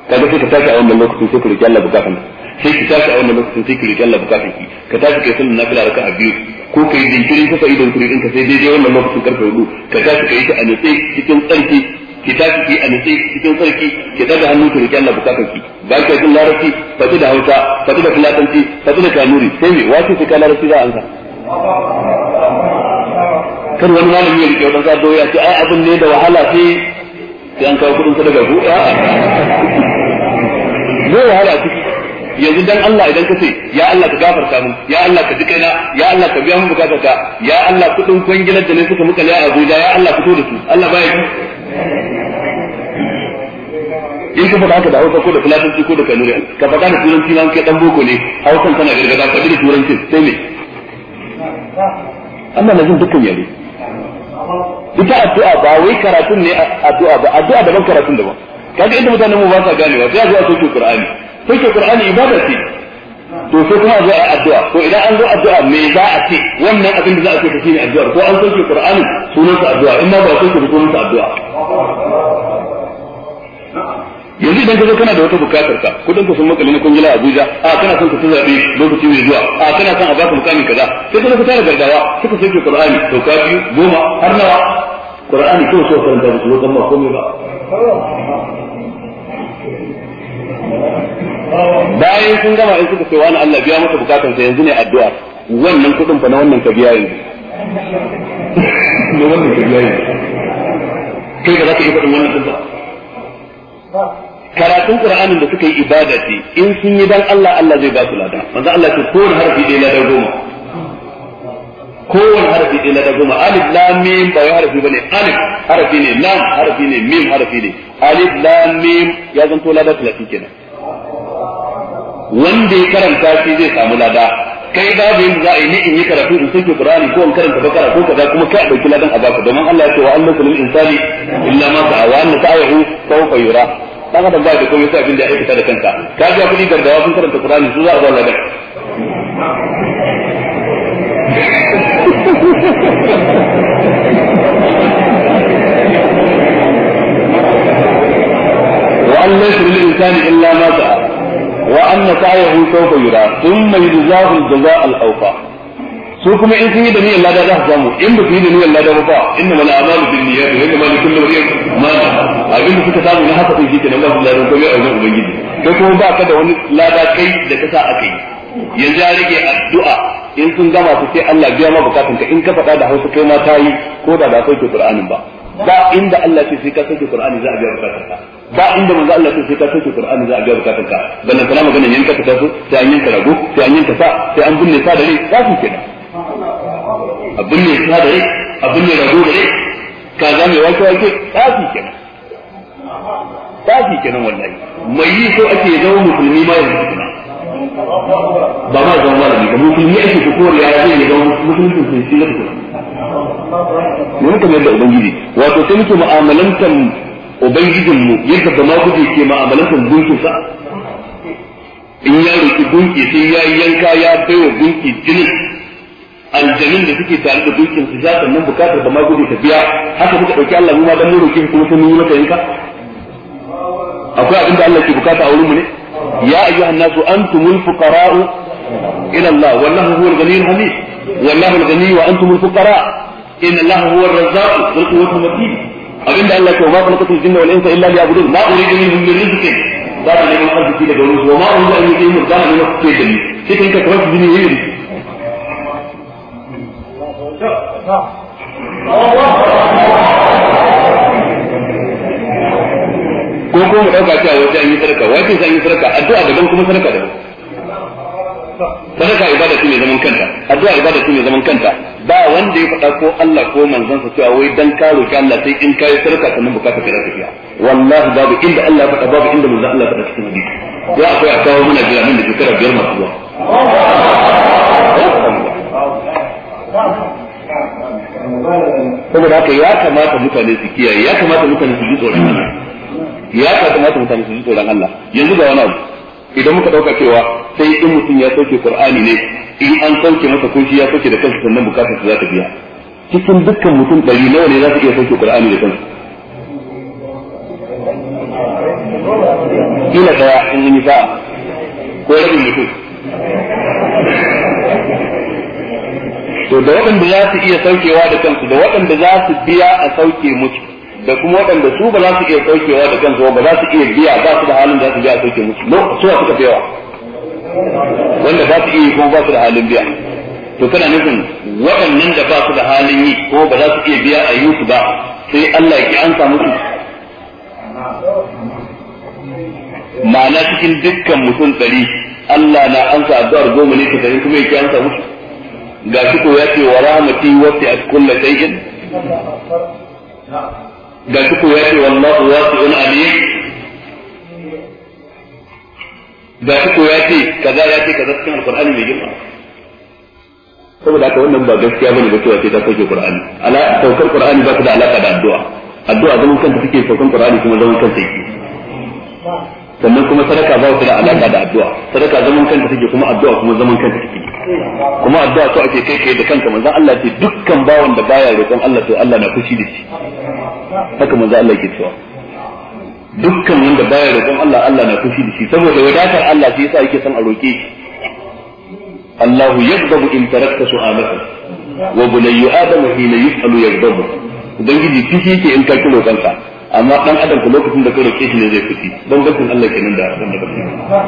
kaga sai ka tashi a wannan lokacin sai ka roki Allah bukatun sai ki tashi a wannan lokacin sai ki roki Allah bukatun ki ka tashi kai sallan nafila raka'a biyu ko kai jinkiri ka fa'idar kuri din ka sai daidai wannan lokacin karfe hudu ka tashi yi ta a nutse cikin tsarki ki tafi ki a nitsi cikin sarki ki daga hannu ki rike Allah bukatar ki ba ki jin larabci fati da hausa fati da fulatanci fati da kanuri sai me wace ki ka larabci za a ansa kar wani malami ya riƙe wannan zado ya ce ai abin ne da wahala sai sai an kawo kudin sadaka ku a zai wahala a ciki yanzu dan Allah idan ka ce ya Allah ka gafarta mu ya Allah ka jika na ya Allah ka biya mu bukatata ya Allah kudin kwangilar da ne suka muka liya Abuja ya Allah fito da su Allah baya in ka faɗa haka da hausa ko da filafinci ko da kanuri ka faɗa da turanci ma kai dan boko ne hausan tana gargada ka da turanci sai me Allah na jin dukkan yare ita addu'a ba wai karatun ne addu'a ba addu'a daban karatun daban kaga inda mutanen mu ba sa ganewa sai a zo a soke Qur'ani soke Qur'ani ibada ce to sai kuma zo a addu'a to idan an zo addu'a me za a ce wannan abin da za a ce ka shine addu'a ko an soke qur'ani sunan sa addu'a in ma ba soke ba sunan sa addu'a yanzu idan ka zo kana da wata bukatar ka kudin ka sun makale na kungila Abuja a kana son ka bi lokaci mai zuwa a kana son a baka mukamin kaza sai ka zo ka tara gardawa suka soke qur'ani to ka biyu goma har nawa qur'ani to so karanta da su ma komai ba bayan sun gama in suka ce wani Allah biya masa bukatan sa yanzu ne addu'a wannan kudin fa na wannan ka biya yanzu ne wannan ka biya yanzu kai da za ka yi kudin wannan kudin karatun qur'anin da suka yi ibada ce in sun yi dan Allah Allah zai ba su lada manzo Allah ce kowane harfi ɗaya lada goma har harafi ɗaya lada goma alif lam mim ba har harafi bane alif harafi ne lam harafi ne mim harafi ne alif lam mim ya zanto lada 30 kenan wanda ya karanta shi zai samu lada kai babu yanda za a yi ni in yi karatu in sauke kur'ani ko in karanta ba karatu kaza kuma kai a ɗauki ladan a baka domin Allah ya ce wa in lil insani illa ma sa'a wa anna sau sawfa yura dan adam ba da komai sai abin da ya aikata da kanka ka ga kudi gardawa sun karanta qur'ani su za a ba ladan وأن ليس للإنسان إلا ما سعى wa anna sa'ahu sawfa yura thumma su kuma in sun yi da niyyar lada za su samu in ba su yi da niyyar lada ba inna mal a'malu bin niyyat wa inna ma abin da suka samu na haka sai shi kenan za lada ubangiji kai kuma ba ka da wani lada kai da ka sa aka yi yanzu ya rage addu'a in sun gama su sai Allah biya ma bukatunka in ka faɗa da Hausa kai ma ta yi ko da ba sauke Qur'anin ba ba inda Allah ce sai ka sauke Qur'ani za a biya bukatunka ba inda manzo Allah sai ka sauke Qur'ani za a ga bukatun ka balla kana maganar yanka ta sai an yanka rago sai an yanka sa sai an binne sa da rai za su kenan a binne sa da rai a binne rago da rai ka ga mai wato wake za su kenan za su kenan wallahi mai yi so ake zama musulmi ma yanzu kenan ba ma zama malami ba musulmi ake ko ko ya zai zama musulmi sun shi da kuma ne mutum yadda ubangiji wato sai muke mu'amalantan ubangijin mu yadda ba ma guje ke ma'amalantar gunki sa in ya roki gunki sai ya yanka ya baiwa gunki jinin aljamin da suke tare da gunkin su za sannan bukatar ba ma guje ta biya haka muka dauki Allah mu ma dan mu roki kuma sun yi maka yanka akwai abin da Allah ke bukata a wurin mu ne ya ayyuhan nasu antumul fuqara'u ila Allah wallahu huwal ghaniyyul hamid wallahu al-ghani wa antumul fuqara' إن الله هو الرزاق ذو القوة المتين abinda Allah ya ce ma kana kasul jinna wal insa illa liya'budun ma uridu minhum min rizqin ba da neman arziki daga wurin su ma uridu an yuqimu da ne su ce dani sai kai ka tabbata jini yayin ko ko mu dauka cewa wace an yi sadaka wace sai an yi sadaka addu'a daban kuma sadaka daban sadaka ibada ce mai zaman kanta addu'a ibada ce mai zaman kanta ba wanda ya faɗa ko Allah ko sa cewa wai dan ka roki Allah sai in kai sarka sannan bukata ka tafiya. biya wallahi babu inda Allah ya faɗa babu inda manzon Allah ya faɗa cikin hadisi ya akwai a kawo mana jira da shekara biyar masu zuwa saboda haka ya kamata mutane su kiyaye ya kamata mutane su ji tsoron Allah ya kamata mutane su ji tsoron Allah yanzu ga wani abu idan muka dauka cewa sai in mutum ya sauke Qur'ani ne in an sauke masa ko shi ya sauke da kansa sannan bukatar za ta biya cikin dukkan mutum ɗari nawa ne za su iya sauke Qur'ani da kansu kila daya in yi sa'a ko rabin mutum to da waɗanda za su iya saukewa da kansu da waɗanda za su biya a sauke musu da kuma waɗanda su ba za su iya saukewa da kansu ba za su iya biya ba su da halin da za su biya a sauke musu su suka fi yawa wanda ba su iya ko ba su da halin biya to kana nufin waɗannan da ba su da halin yi ko ba za su iya biya a yi su ba sai Allah ya ki an samu su ma'ana cikin dukkan mutum tsari Allah na ansa addu'ar goma ne ta tsari kuma ya ki an samu su ga shi ko ya ce wa rahmati a kulli shay'in ga shi ko ya ce wallahu wasi'un alim ga shi ko ya ce kaza ya ce kaza cikin alqur'ani mai girma saboda haka wannan ba gaskiya bane ba cewa sai ta sauke qur'ani ala saukar qur'ani ba ta da alaka da addu'a addu'a zaman kanta take saukan qur'ani kuma zaman kanta yake sannan kuma sadaka ba ta da alaka da addu'a sadaka zaman kanta take kuma addu'a kuma zaman kanta take kuma addu'a to ake kai kai da kanka manzo Allah ce dukkan bawan da baya roƙon Allah to Allah na fushi da shi haka manzo Allah ke cewa dukkan wanda baya da roƙon Allah Allah na fushi da shi saboda wadatar Allah shi yasa yake son a roƙe shi Allahu yaghdabu in tarakta su'alaka wa bunayyu adamu hina yus'alu yaghdabu ubangiji fushi yake in ka ki roƙonsa amma dan adam ko lokacin da ka roƙe shi ne zai fiti don gaskon Allah kenan da dan da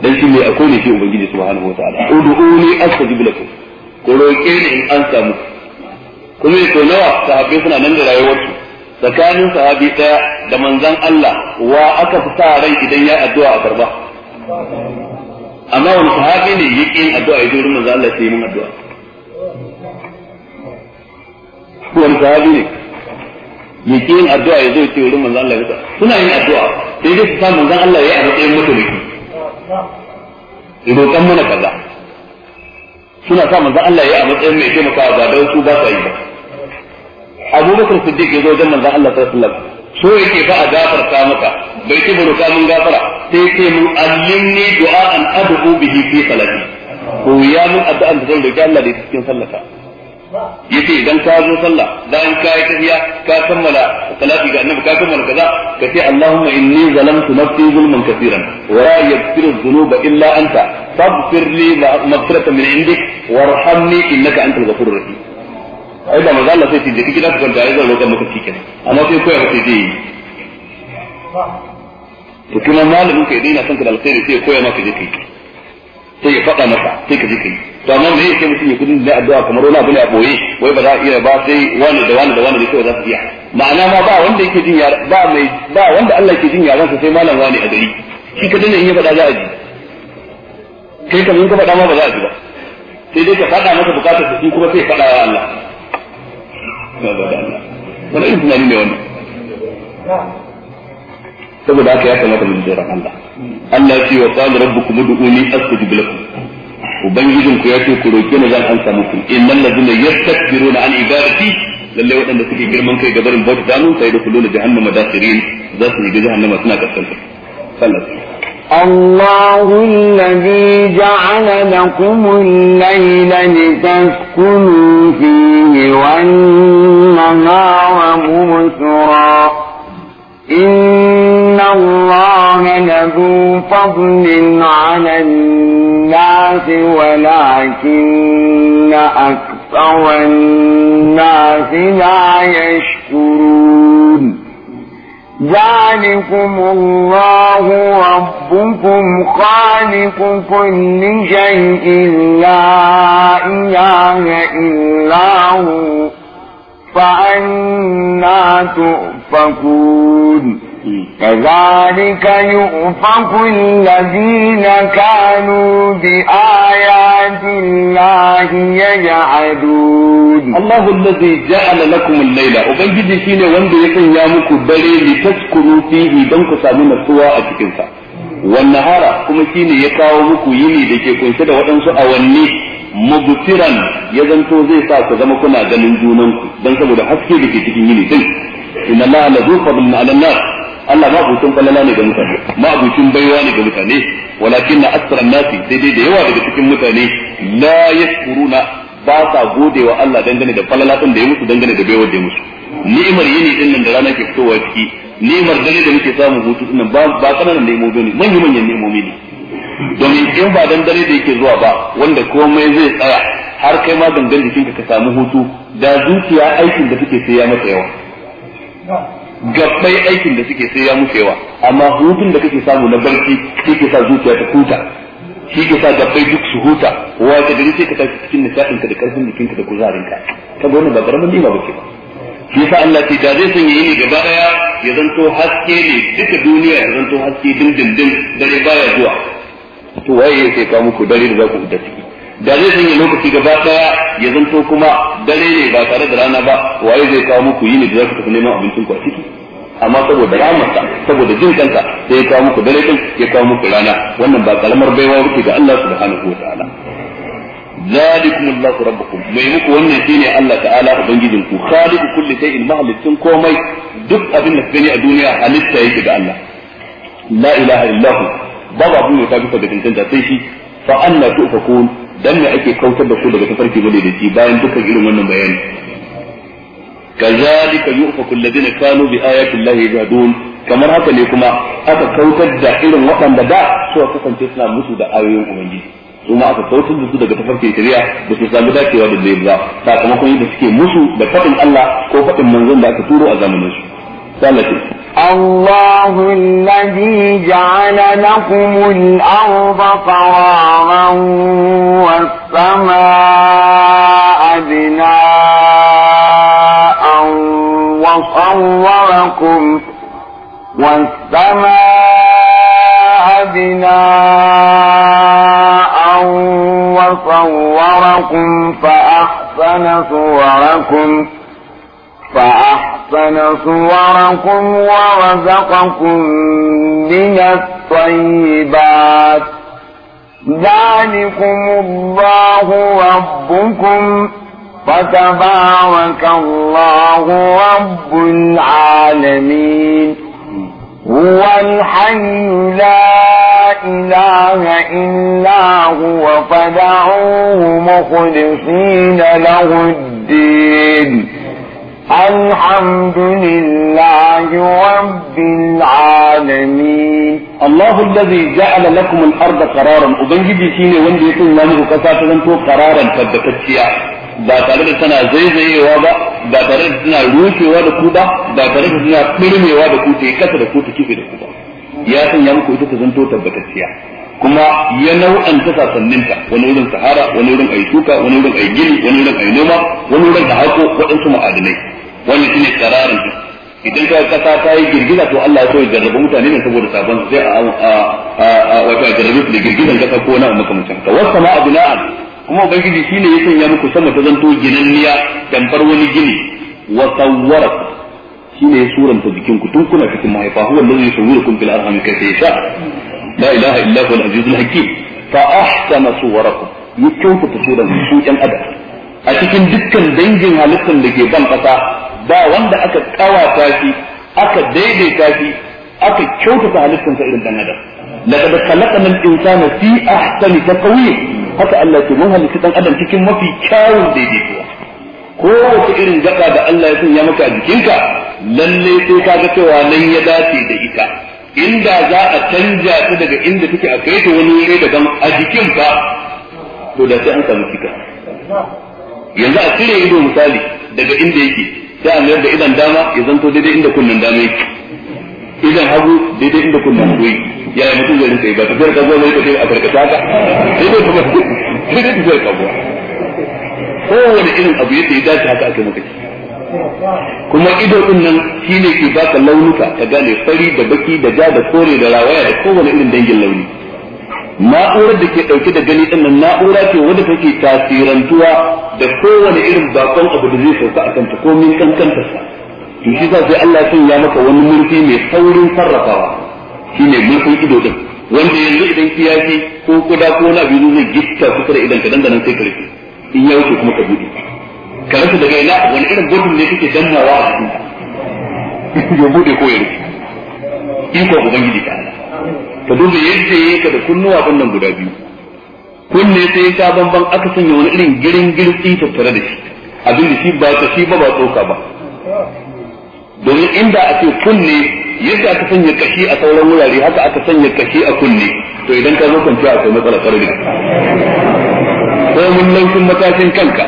dan shi ne akwai ne shi ubangiji subhanahu wa ta'ala ud'uni astajib lakum Ku roƙe ni in an samu kuma ko nawa sahabbai suna nan da rayuwarsu tsakanin sahabi ɗaya da manzan Allah wa aka fi sa rai idan ya addu'a a karba amma wani sahabi ne yake yin addu'a ya wurin manzan Allah sai mun addu'a wani sahabi ne yake yin addu'a ya zo ce wurin manzan Allah ya suna yin addu'a sai dai su sa manzan Allah ya yi a matsayin mutumiki roƙon mana kaza suna sa manzan Allah ya yi a matsayin mai taimakawa ba don su ba su yi ba abubakar siddiq ya zo wajen manzon Allah sallallahu alaihi wasallam so yake fa a gafarta maka bai ci buruka mun gafara sai ce mu allimni an ad'u bihi fi salati ko ya mun addu'an da zan roki Allah da cikin sallata yace idan ka zo sallah dan ka yi tafiya ka kammala salati ga annabi ka kammala kaza ka ce Allahumma inni zalamtu nafsi zulman kaseeran wa la yaghfiru dhunuba illa anta faghfir li maghfiratan min indik warhamni innaka antal ghafurur rahim ai da manzo Allah sai ce jiki gidan kwanta ai zan roƙa maka cikin amma sai koya maka je yi to kuma malamin ka idan son ka da alkhairi sai koya maka je kai sai ya faɗa maka sai ka je kai to amma me yake mutum ya kudin da addu'a kamar wani abu ne a boye wai ba za a iya ba sai wani da wani da wani ne kawai za su iya ma'ana ma ba wanda yake jin yara ba mai ba wanda Allah ke jin yaran sa sai malam wani a gari shi ka ne in ya faɗa za a ji kai kamar in ka faɗa ma ba za a ji ba sai dai ka faɗa masa bukatar da shi kuma sai faɗa wa Allah suna zuwa da Allah wani irin tunani ne wani saboda haka ya kamata mu jira Allah Allah ya ce wa qala rabbukum ud'uni astajib lakum ubangijin ku ya ce ku roke ni zan ansa muku innal ladina yastakbiruna an ibadati lalle waɗanda suke girman kai gabarin bauta mun sai da kullu jahannama dakhirin za su yi jahannama suna kaskanta sallallahu الله الذي جعل لكم الليل لتسكنوا فيه والنهار مبصرا إن الله لذو فضل على الناس ولكن أكثر الناس لا يشكرون ذلكم الله ربكم خالق كل شيء لا إله إلا هو فأنا تؤفكون كذلك يؤفق الذين كانوا بآيات الله يجعلون الله الذي جعل لكم الليل وبنجد فينا وندو يكن يامك بلي لتسكنوا فيه دنك سامون السواء أتكنسا والنهار كما فينا يكاومك يلي لكي كنسد وأنسو أولي mubtiran ya zanto zai sa ku zama kuna ganin junanku dan saboda haske da ke cikin yini din inna allaha Allah ma abucin falala ne ga mutane ma abucin baiwa ne ga mutane walakin na asara nasi daidai da yawa daga cikin mutane la yashkuruna ba sa godewa Allah dangane da falala din da ya musu dangane da baiwar da ya musu ni'imar yini din nan da rana ke fitowa ciki ni'imar dare da muke samu hutu din nan ba ba kananan ni'imomi ne manyan manyan ni'imomi ne domin in ba dan dare da yake zuwa ba wanda komai zai tsaya har kai ma gangan jikinka ka samu hutu da zuciya aikin da take sai ya mata yawa gabbai aikin da suke sai ya yawa amma hutun da kake samu na barci shi ke sa zuciya ta huta shi ke sa gabbai duk su huta wa ka gari sai ka tashi cikin nishaɗin ka da karfin ka da kuzarin ka ga wannan ba karamin nima ke ba shi yasa Allah ce da zai sanya yini gaba daya ya zanto haske ne duka duniya ya zanto haske dindindin dare baya zuwa to waye sai ka muku dare da za ku huta ciki da zai sanya lokaci gaba daya ya zanto kuma dare ne ba tare da rana ba waye zai kawo muku yini da za ku tafi neman abincin ku a amma saboda ramarsa saboda jin kanka sai ya kawo muku dare din ya kawo muku rana wannan ba kalamar baiwa wuce ga Allah subhanahu wa ta'ala zalikum Allah rabbukum mai muku wannan shine Allah ta'ala ubangijin ku khaliqu kulli shay'in mahlikin komai duk abin da kake a duniya halitta yake ga Allah la ilaha illahu babu abin da ta bisa da tantance sai shi fa anna tu'fakun dan me ake kautar da ku daga tafarki bane da shi bayan dukkan irin wannan bayani kazalika yu'faku alladhina kanu bi ayati llahi yajadun kamar haka ne kuma aka kautar da irin waɗanda da suka kasance suna musu da ayoyin ubangiji su ma aka kautar da su daga tafarkin shari'a da su samu dacewa da zai ba sakamakon yadda suke musu da faɗin Allah ko faɗin manzon da aka turo a zamanin su الله الذي جعل لكم الأرض قرارا والسماء بناء وصوركم والسماء بناء وصوركم فأحسن صوركم فأحسن وأحسن صوركم ورزقكم من الطيبات ذلكم الله ربكم فتبارك الله رب العالمين هو الحي لا إله إلا هو فدعوه مخلصين له الدين الحمد لله رب العالمين الله الذي جعل لكم الارض قرارا ubangiji ne wanda ya sanya muku kasa ta zanto qararan tabbatacciya ba tare da tana zaizayewa ba ba tare da tana rushewa da ku ba ba tare da tana firmewa da ku ta kasa da ku ta kife da ku ba ya sanya muku ita ta zanto tabbatacciya kuma ya nau'anta sasanninta wani wurin sahara wani wurin ayi shuka wani wurin ayi gini wani wurin ayi noma wani wurin da hako waɗansu ma'adinai wannan shine kararin idan ka kasa ta yi girgiza to Allah ya so ya jarraba mutane ne saboda sabon sai a a jarrabe su da girgizan kasa ko na maka makamancin ka wasu ma abu na'an kuma ubangiji shine ya sanya muku sama ta zanto ginanniya tamfar wani gini wa sawwarakum shine ya suranta jikinku tun kuna cikin mahaifa huwa allazi yusawwirukum fil arham kayfa yasha la ilaha illa huwa al-aziz al-hakim fa ahsana suwarakum ya kyautata suran su yan adam a cikin dukkan dangin halittar da ke ban kasa ba wanda aka kawata shi aka daidaita shi aka kyautata halittarsa irin dan adam laqad khalaqna al-insana fi ahsani taqwim haka Allah ke mun halitta dan adam cikin mafi kyawun daidaituwa kowace irin gaba da Allah ya sanya maka a jikinka lalle sai ka ga cewa nan ya dace da ita inda za a canja ta daga inda take a kai ta wani wuri daban a jikin ba to da sai an samu cika yanzu a cire ido misali daga inda yake sai a mayar da idan dama ya zanto daidai inda kunnen dama yake idan hagu daidai inda kunnen hagu yake ya yi mutum zai yi ba ta kabuwa zai tafi a karkata ka sai dai kuma sai dai tafiyar ba kowane irin abu yadda ya dace haka aka maka kuma ido din nan shine ke baka launuka ka gane fari da baki da ja da kore da rawaya da kowane irin dangin launi na'urar da ke dauke da gani din nan na'ura ce wadda take tasirantuwa da kowane irin bakon abu da zai sauka ko ta kan kanta sa to shi sa sai Allah sun ya maka wani murfi mai saurin sarrafawa shine murfin ido din wanda yanzu idan kiyashi ko kuda ko na biyu zai gitta su kare idan ka dandanan sai karfi in ya wuce kuma ka bude ka rasa daga ina wani irin gudun ne kake dannawa a cikin ya bude ko ya rufe iko ubangiji ka Allah ka duba yadda ya ka da kunnuwa kunnan guda biyu kunne sai ta bamban aka sanya wani irin girin girtsi tattare da shi abin da shi ba ta shi ba ba tsoka ba domin inda a ce kunne yadda aka sanya kashi a sauran wurare haka aka sanya kashi a kunne to idan ka zo kwanciya akwai matsala kwarai ko mun laushin matashin kanka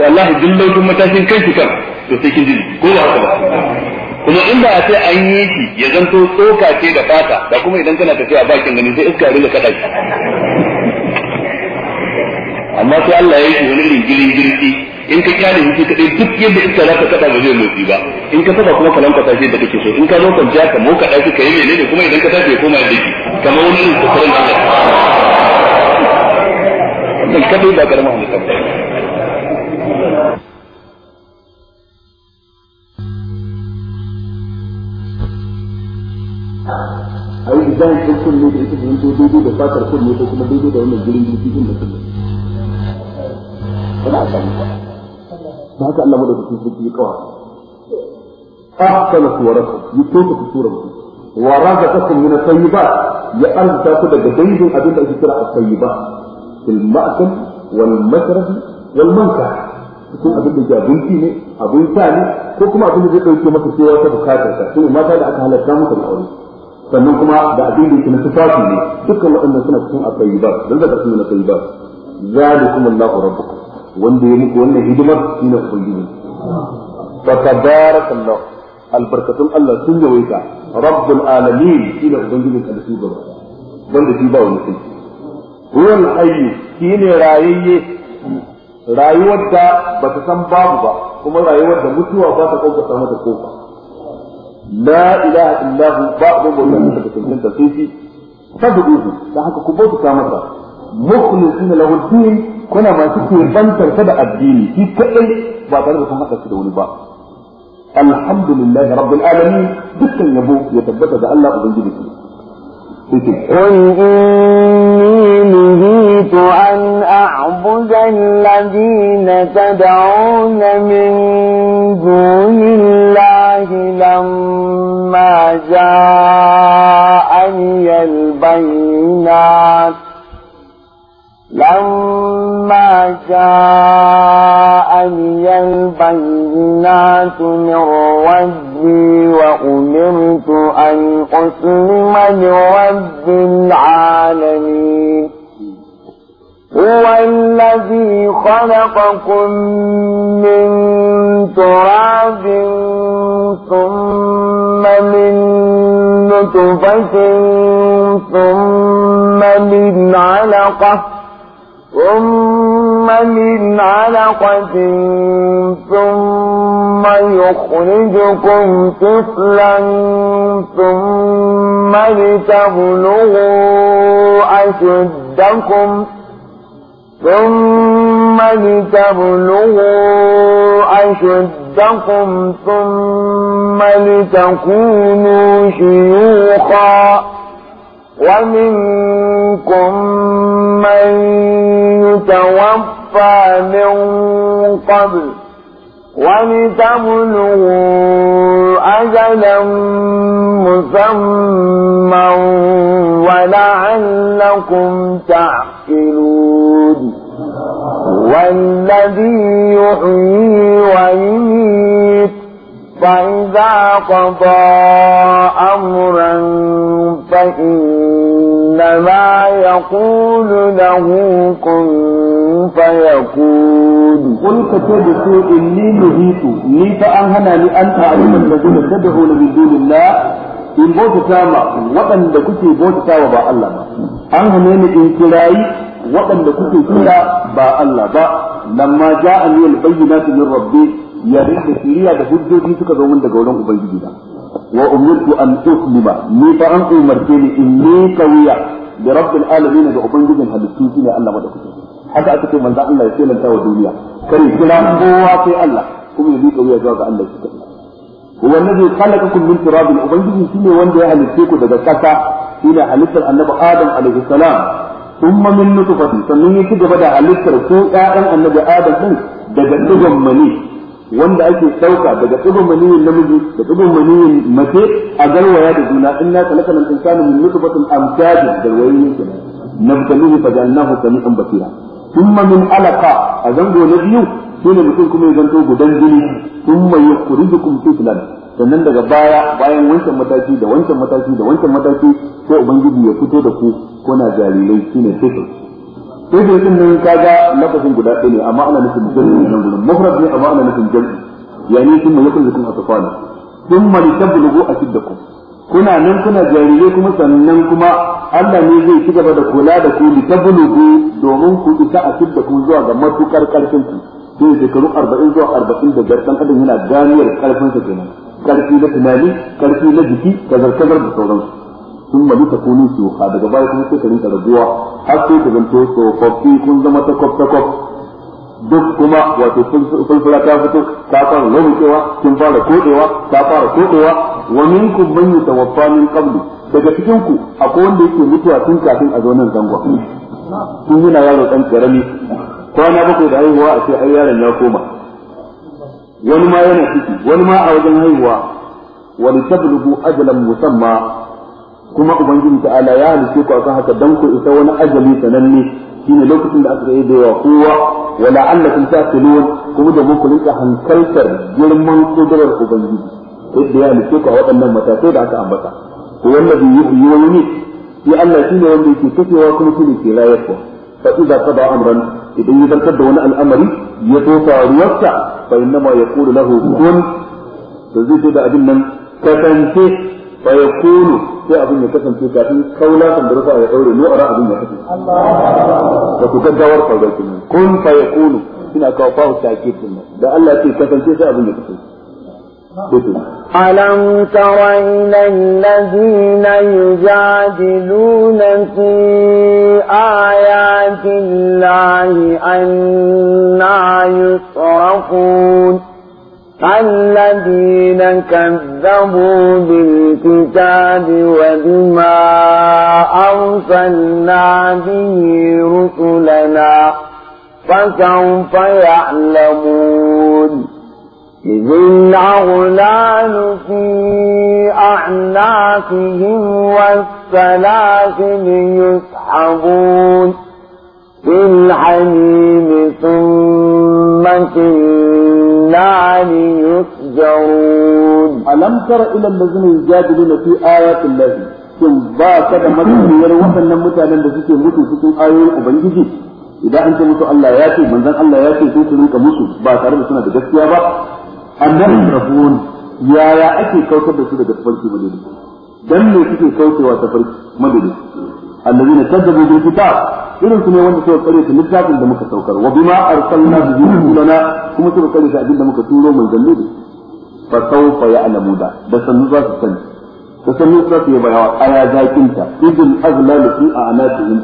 wallahi duk laushin matashin kanki kan to sai kin ji ko ba haka ba kuma inda a ce an yi shi ya zanto tsoka ce da fata da kuma idan kana tafiya bakin gani sai iska rinka kada shi amma sai Allah ya yi wani ringirin girki in ka kyale shi kadai duk yadda iska za ka kada ba zai motsi ba in ka saba kuma ta kasa da kake so in ka zo kwanciya ka mo kada shi kai menene kuma idan ka tafi ya koma yadda yake kamar wani ne kusurin da Allah kadai ba karamar halitta a yi idan kun da ita sun to dudu da fatar ne ko kuma dudu da wannan gurin jiki din da kunne ba za a ba ba haka Allah madaka sun fi yi kawai ahsana suwaraka yi toka su sura mutum wa razaqakum min at-tayyibat ya arzuta ku daga dangin abin da ake kira at-tayyibat fil ma'kal wal masraf wal manka. cikin abin da ke abinci ne abin sha ne ko kuma abin da zai dauke maka cewa ta bukatar ka sai mata da aka halatta musu aure sannan kuma da abin da yake na tufafi ne dukkan waɗannan suna cikin akwai ba dan da suna na kai ba zalikum Allahu rabbukum wanda ya muku wannan hidimar shine ubangiji fa tabarakallah albarkatun Allah sun yawaita rabbul alamin shine ubangijin halittu gaba da shi ba wani kai ruwan ayyu shine rayayye rayuwar da ta san babu ba kuma rayuwar da mutuwa ba ta kauka mata kofa لا إله إلا الله بعض من الذين تبتدئ في فيه ده كامل مخلصين له الدين كنا ما تكون بنتر كده الدين في كل بعد ذلك ما تكون الحمد لله رب العالمين بس النبو يتبت ذا الله أبن جبت قل إني نهيت أن أعبد الذين تدعون من دون الله الله لما جاءني البينات لما جاءني البينات من ربي وأمرت أن أسلم لرب العالمين هو الذي خلقكم من تراب ثم من نتفة ثم من علقة ثم من علقة ثم يخرجكم طفلا ثم لتبلغوا أشدكم ثم لتبلغوا أشدكم ثم لتكونوا شيوخا ومنكم من يتوفى من قبل ولتبلغوا أجلا مسمى ولعلكم تعقلون الوجود والذي يحيي ويميت فإذا قضى أمرا فإنما يقول له كن فيكون قل كتبت إني نهيت لي فأهنا لأن تعلم الذين تدعون من دون الله in bauta ma waɗanda kuke bauta wa ba Allah ba an hane ni in kirayi waɗanda kuke kira ba Allah ba lamma ja'ani al su min rabbi yayin da shiriya da hujjoji suka zo min daga wurin ubangiji na wa umirtu an uslima ni fa an umarce ni in ni kawiya da rabbil alamin da ubangijin halittu shine Allah madaukakin haka aka ce manzo Allah ya shelanta wa duniya kare kira kowa sai Allah kuma ya miƙa wuya zuwa ga Allah shi kadai huwa allazi khalaqakum min turabin ubangiji shine wanda ya halitte ku daga ƙasa shine halittar annabi Adam alaihi salam thumma min nutfatin sannan ya ci gaba da halittar ko ƴaƴan annabi adam din daga digon mani wanda ake dauka daga digon maniyin namiji da digon maniyin mace a garwaya da juna inna khalaqal insana min nutfatin amjadin garwayi ne kenan nabtalihi fajalnahu sami'an basira thumma min alaqa a zango na biyu shine mutum kuma ya zanto gudan jini thumma yukhrijukum fitlan sannan daga baya bayan wancan mataki da wancan mataki da wancan mataki sai ubangiji ya fito da ku kuna jarirai shine sifir sifir din nan kaga lafazin guda ɗaya ne amma ana nufin jami'i nan gudun mufrad ne amma ana nufin jami'i yani sun mu yakun a atfala sun a cikin da ku. kuna nan kuna jarirai kuma sannan kuma Allah ne zai ci gaba da kula da ku litablugu domin ku isa ku zuwa ga matukar karfin ku sai shekaru arba'in zuwa arba'in da biyar adam yana ganiyar sa kenan karfi na tunani karfi na jiki da kazar da sauransu sun mali ta kuni ha daga baya kuma sai ka rinka rabuwa har sai ka zanto tsofaffi kun zama takwaf takwaf duk kuma wato fulfula ta fito ta fara lamukewa kin fara kodewa ta fara kodewa wa minkum man yatawaffa min qablu daga cikin ku akwai wanda yake mutuwa tun kafin a zo nan zangon tun yana yaro dan karami kwana bakwai da haihuwa a ce ai yaron ya koma wani ma yana ciki wani ma a wajen haihuwa wani tablugu ajalan musamma kuma ubangiji ta'ala ya halice ku akan haka dan ku isa wani ajali sananne shine lokacin da aka yi da yawa kowa wa la'allakum ta'qilun kuma da muku rinka hankaltar girman kudurar ubangiji yadda ya halice ku a waɗannan matakai da aka ambata wanda wallahi yi wa ne shi Allah shine wanda yake kashewa kuma shine ke rayarwa fa idza qada amran idan ya zartar da wani al'amari ya so faruwarsa fa innama yaqulu lahu kun to zai ce da abin nan kasance fa yaqulu sai abin ya kasance kafin kaula kan da rufa ya daure mu ara abin ya kasance Allah ku gaggawar faruwar kun kun fa yaqulu ina kawo fa ta'kid din da Allah ya ce kasance sai abin ya kasance ألم تر إلى الذين يجادلون في آيات الله أنا يصرفون الذين كذبوا بالكتاب وبما أرسلنا به رسلنا فسوف يعلمون إذ الأغلال في أعناقهم والسلاسل يسحبون في الحميم ثم في النار يسجرون ألم تر إلى الذين يجادلون في آيات الله ثم باك دمتهم يروح النمتا لن تسكي متو سكي آيون أبنجي idan an ce musu Allah ya ce manzon Allah ya ce sai su rinka musu ba tare da annahum rabun yaya ake kautar da su daga tafarki madadi dan me kike kautewa tafarki madadi alladhina kadzabu bil kitab irin su ne wanda suka kare ta littafin da muka saukar wa bima arsalna bihi rasulana kuma suka kare ta abinda muka turo mai dalili fa sawfa ya'lamu da da sanu za su sani da sanu za su yi bayawa aya zakinta idil azlalu fi a'natihim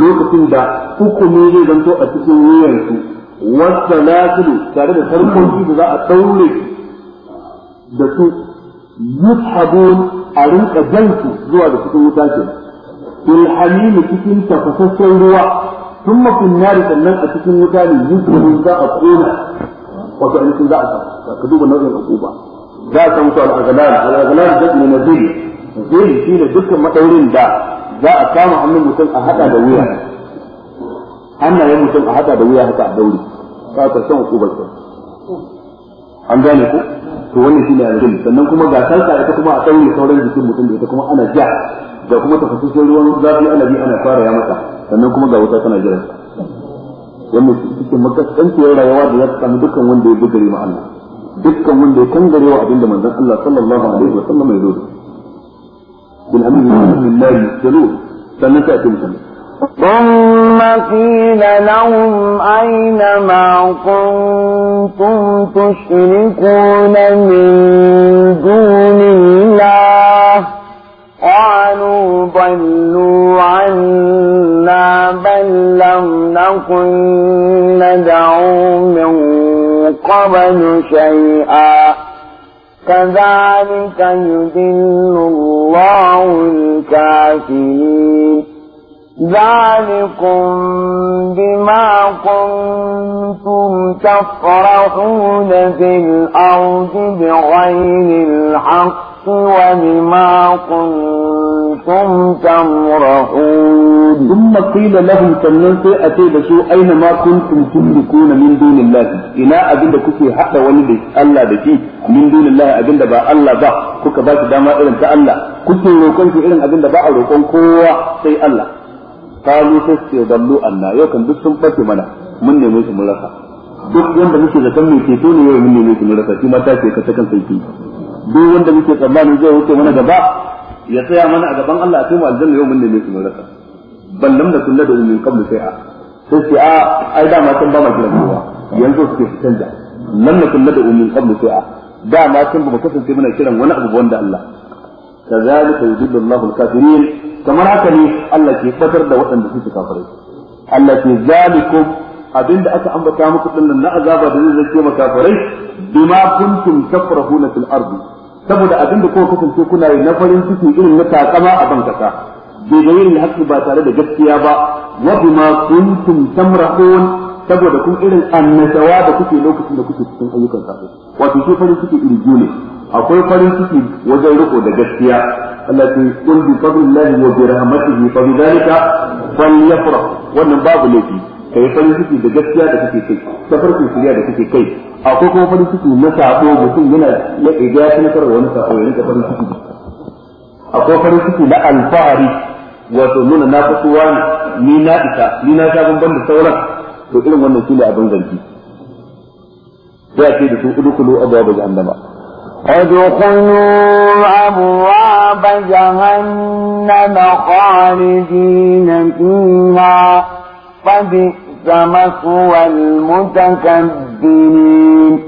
lokacin da hukumi zai zanto a cikin wuyansu wasu nasiru tare da sarkoki da za a daure da su yushabun a rinka jansu zuwa da cikin wuta ke fil hamim cikin tafasasshen ruwa ثم mafin النار sannan a cikin wuta ne yushabun za a kona wato an za a ka duba nau'in hukuma za a samu al-aghlal al-aghlal da ne nazili zai shi ne dukkan madaurin da za a kama hannun mutum a hada da wuya hannayen mutum a haka da wuya haka a daure ka san hukubar sa an gane ku to wannan shine alheri sannan kuma ga salsa ita kuma a daure sauran jikin mutum da ita kuma ana ja ga kuma tafasashen ruwan zafi ana bi ana fara ya mata sannan kuma ga wuta tana jiran wannan cikin makasanciyar rayuwa da ya samu dukkan wanda ya gudare ma Allah dukkan wanda ya kangarewa abinda manzon Allah sallallahu alaihi wa sallam ya zo da bil amri billahi jalul sannan sai a musamman ثم قيل لهم أين ما كنتم تشركون من دون الله قالوا ضلوا عنا بل لم نكن ندعو من قبل شيئا كذلك يدل الله الكافرين ذلكم بما كنتم تفرحون في الأرض بغير الحق وبما كنتم تمرحون ثم قيل لهم سننت أتي بسوء أينما كنتم تملكون من دون الله إلا أبدا كفي حتى ولدي ألا بكي من دون الله أبدا با ألا با كوكبات داما إلن تألا كنتم روكنتم إلن أبدا با روكن كوا سي الله kalu ta ce dallu Allah yau kan duk sun bace mana mun neme su mun rasa duk wanda muke kan mai ceto ne yau mun neme su mun rasa shi ma ta ce ka ta kan sauki duk wanda muke tsammanin zai wuce mana gaba ya tsaya mana a gaban Allah a kai mu aljanna yau mun neme su mun rasa bal lam nakun da min qabl a sai ce a ah, ai da ma san ba ma kiran kowa yanzu suke su canja lam da ladu min qabl a da ma san ba kasance muna kiran wani abu wanda Allah kazalika yudillu Allahu al-kafirin kamar haka ne Allah ke fatar da waɗanda suke kafirai Allah ke zalikum abinda aka ambata muku nan na azaba da zai zake maka kafirai bima kuntum tafrahuna fil ardi saboda abinda ko kasance kuna yi na farin ciki irin na takama a ban kasa bigayin haƙƙi ba tare da gaskiya ba wa bima kuntum tamrahun saboda kun irin annasawa da kuke lokacin da kuke cikin ayyukan kafirai wato shi farin ciki irji ne akwai farin ciki wajen riko da gaskiya Allah ce qul bi fadlillahi wa bi rahmatihi fa bi dhalika falyafrah wannan babu laifi kai farin ciki da gaskiya da kake kai ta farko shirya da kake kai akwai kuma farin ciki na sabo mutum yana ya iga shi na wani sabo ya rika farin ciki akwai farin ciki na alfahari wato nuna na fasuwa ni na isa ni na sha banban da sauran to irin wannan ne abin zargi sai a ce da su udukulu abwaaba jahannama ادخلوا أبواب جهنم خالدين فيها فبئس مثوى المتكبرين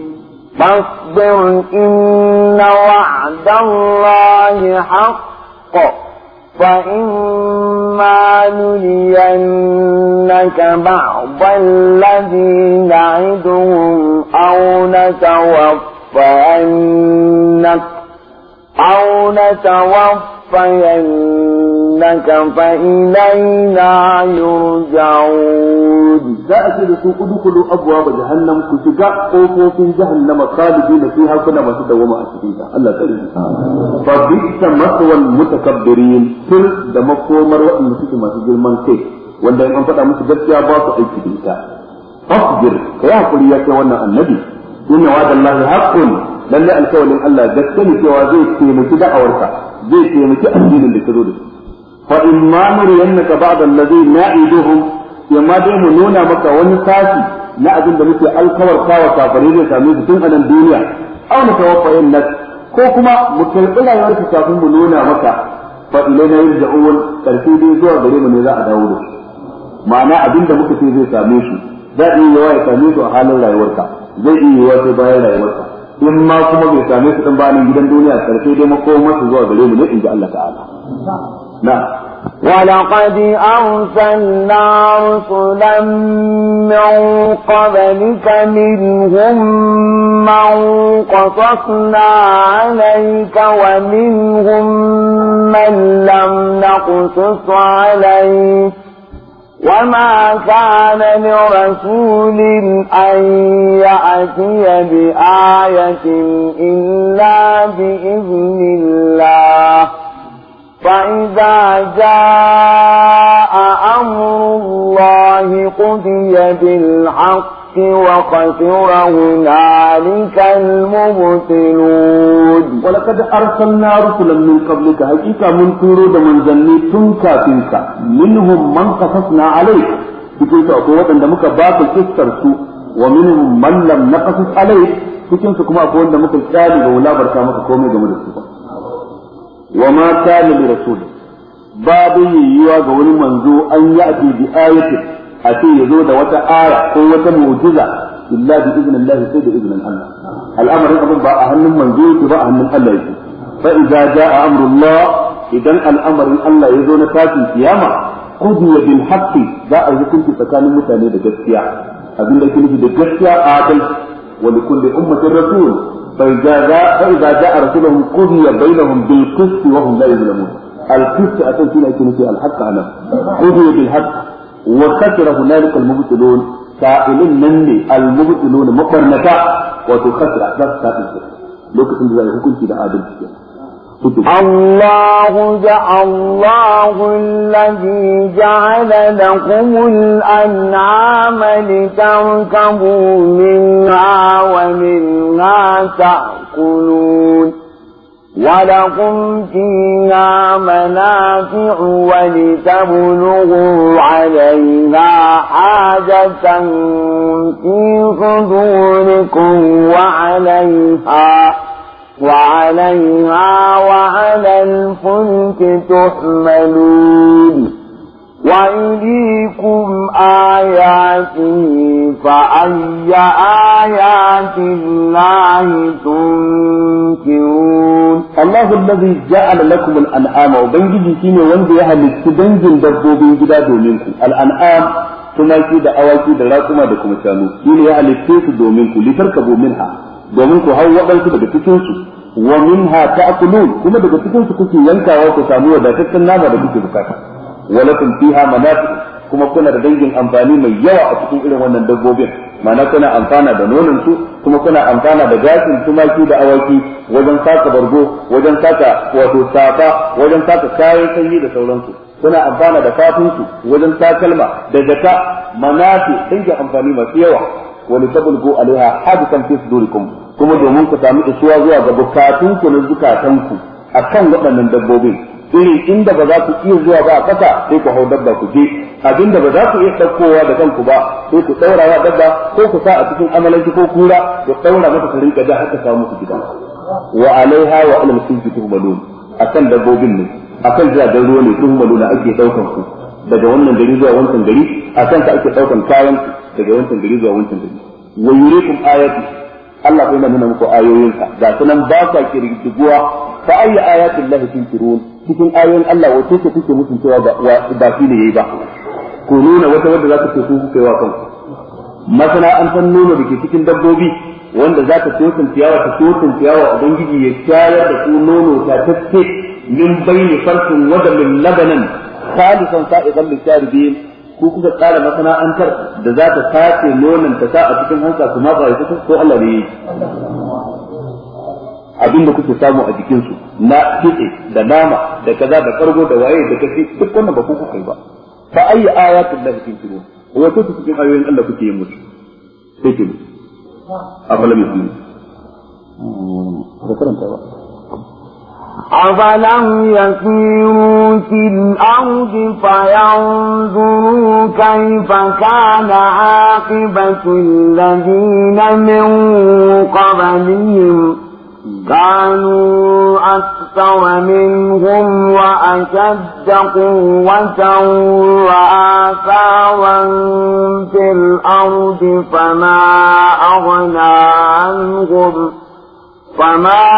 فاصبر إن وعد الله حق فإما نرينك بعض الذي نعدهم أو نتوفى نتوفينك أو نتوفينك فإلينا يرجعون ذات لسوء دخل أبواب جهنم كتجاء أوفوا في جهنم خالدين فيها كنا ما تدوم أشكيها الله كريم فبئت مثوى المتكبرين كل دمقومر وإن سكي ما تجل من كي وانا دائما فتا مسجد يا باطئ كبيرتا فاصبر كيا كل يا كي وانا النبي inna wa'dallahi haqqun lalle alkawarin Allah gaskiya ne cewa zai taimaki da'awarka zai taimaki addinin da ka zo da shi fa imma nuriyannaka ba'da allazi na'iduhum yamma dai mu nuna maka wani sashi na abin da muke alkawarta wa kafare zai same su tun a nan duniya aw mutawaffa yannak ko kuma mu karɓi rayuwarka kafin mu nuna maka fa ilaina yarja'un karfi dai zuwa gare mu ne za a dawo da shi ma'ana abin da muka ce zai same shi za a yi yawa ya same su a halin rayuwarka zai iya yiwuwa sai bayan rayuwarsa in ma kuma bai same su ɗan bani gidan duniya karshe dai masu zuwa gare mu ne in ji Allah ta'ala na'am ولقد أرسلنا رسلا من قبلك منهم من قصصنا عليك ومنهم من لم نقصص عليك وما كان لرسول أن يأتي بآية إلا بإذن الله فإذا جاء أمر الله قضي بالحق الحق وخسر هنالك المبطلون ولقد أرسلنا رسلا من قبلك حقيقة من تورود من ظني تنكا تنكا منهم من قصصنا عليك cikin su akwai waɗanda muka ba ka kissar su wa minhum man lam naqasus alayh cikin su kuma akwai wanda muka kyale da wulabarta maka komai da su ba wa babu yiwuwa ga wani manzo an ya'ti bi ayatin a ce ya zo da wata aya ko wata mu'jiza illa bi iznillah sai da iznin Allah al'amarin abin ba a hannun manzo yake ba a hannun Allah yake fa idza jaa amrullah idan al'amarin Allah ya zo na tafi kiyama qudiya bil haqqi za a hukunci tsakanin mutane da gaskiya abin da yake nufi da gaskiya a kai wa li kulli ummatin rasul fa idza jaa فإذا جاء فإذا جاء رسولهم قضي بينهم بالقسط وهم لا يظلمون. القسط أتيت إلى الحق أنا. قضي haqqi وخسر هنالك المبطلون سائلين مني المبطلون مقرنكا وتخسر أحداث سائل سائل لو كنت بذلك كنت بآدم الله جعل الله الذي جعل لكم الأنعام لتركبوا منها ومنها تأكلون ولكم فيها منافع ولتبلغوا عليها حاجة في صدوركم وعليها وعليها وعلى الفلك تحملون ويريكم آياته فأي آيات الله تنكرون الله الذي جعل لكم الأنعام وبنجي سين وانجي أهل السدنج دبوبين جدا دولينكم الأنعام tumaki da awaki da rakuma da kuma shanu shine ya halitte su domin ku litarkabu minha domin ku hau waɗansu daga cikin su wa minha ta'kulun kuma daga cikin kuke yankawa ku sami wadataccen nama da kuke bukata wa lakum fiha kuma kuna da dangin amfani mai yawa a cikin irin wannan dabbobin ma'ana kuna amfana da nonon su kuma kuna amfana da gashin tumaki da awaki wajen saka bargo wajen saka wato safa wajen saka kayan sanyi da sauransu kuna amfana da fatunsu wajen takalma da zaka manafi dangin amfani masu yawa wani tabulgu alaiha hadisan fi sudurikum kuma domin ku sami isuwa zuwa ga bukatunku na ku akan waɗannan dabbobin irin inda ba za ku iya zuwa ba a kasa sai ku hau dabba ku je abinda ba za ku iya ɗaukowa da kanku ba sai ku ɗaura wa dabba ko ku sa a cikin amalanki ko kura ku ɗaura mata ku rinka da haka samu ku gidan wa alaiha wa alal sunki tuhmalun akan dabbobin ne akan jiragen ruwa ne tuhmaluna ake ɗaukan ku daga wannan gari zuwa wancan gari akan ka ake ɗaukan kayan daga wancan gari zuwa wancan gari wa yurikum ayati Allah kuma nuna muku ayoyinsa ga sunan ba sa kirkiguwa fa ayya ayatin lahi tunkirun cikin ayoyin Allah wace ce kuke mutun cewa ba shi ne yayi ba ku nuna wata wadda za ta ce ku kuka yi wa kanku masana'antar nuna da ke cikin dabbobi wanda za ta tsotsin ciyawa ta tsotsin ciyawa ubangiji ya shayar da ku nono ta takke min bayni farkin wada min labanan khalisan sa'idan lisharibin ku kuka tsara masana'antar da za ta sace nonon ta sa a cikin hansa kuma ba ya ko Allah ne abin da kuke samu a jikinsu na kitse da nama da kaza da kargo da waye da kashi duk wannan ba ku kuka yi ba fa ayi ayatul lahi tunkiru wa ku su cikin ayoyin Allah kuke yi musu sai ke afalam yusmin da karanta ba أفلم يسيروا في الأرض فينظروا كيف كان عاقبة الذين من قبلهم كانوا أكثر منهم وأشد قوة وآثارا في الأرض فما أغنى عنهم فما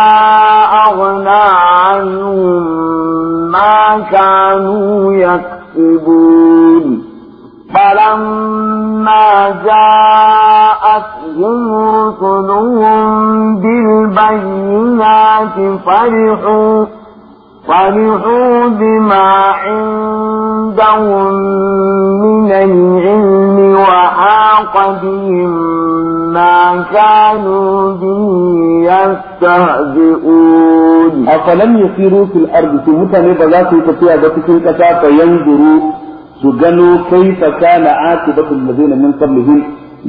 أغنى عنهم ما كانوا يكسبون فلما جاءتهم رسلهم بالبينات فرحوا فرحوا بما عندهم من العلم وحاق بهم ما كانوا به يستهزئون أفلم يسيروا في الأرض في متى نبذات تتيا بتكين كتا فينظروا su gano kai fa kana akibatul ladina min qablihim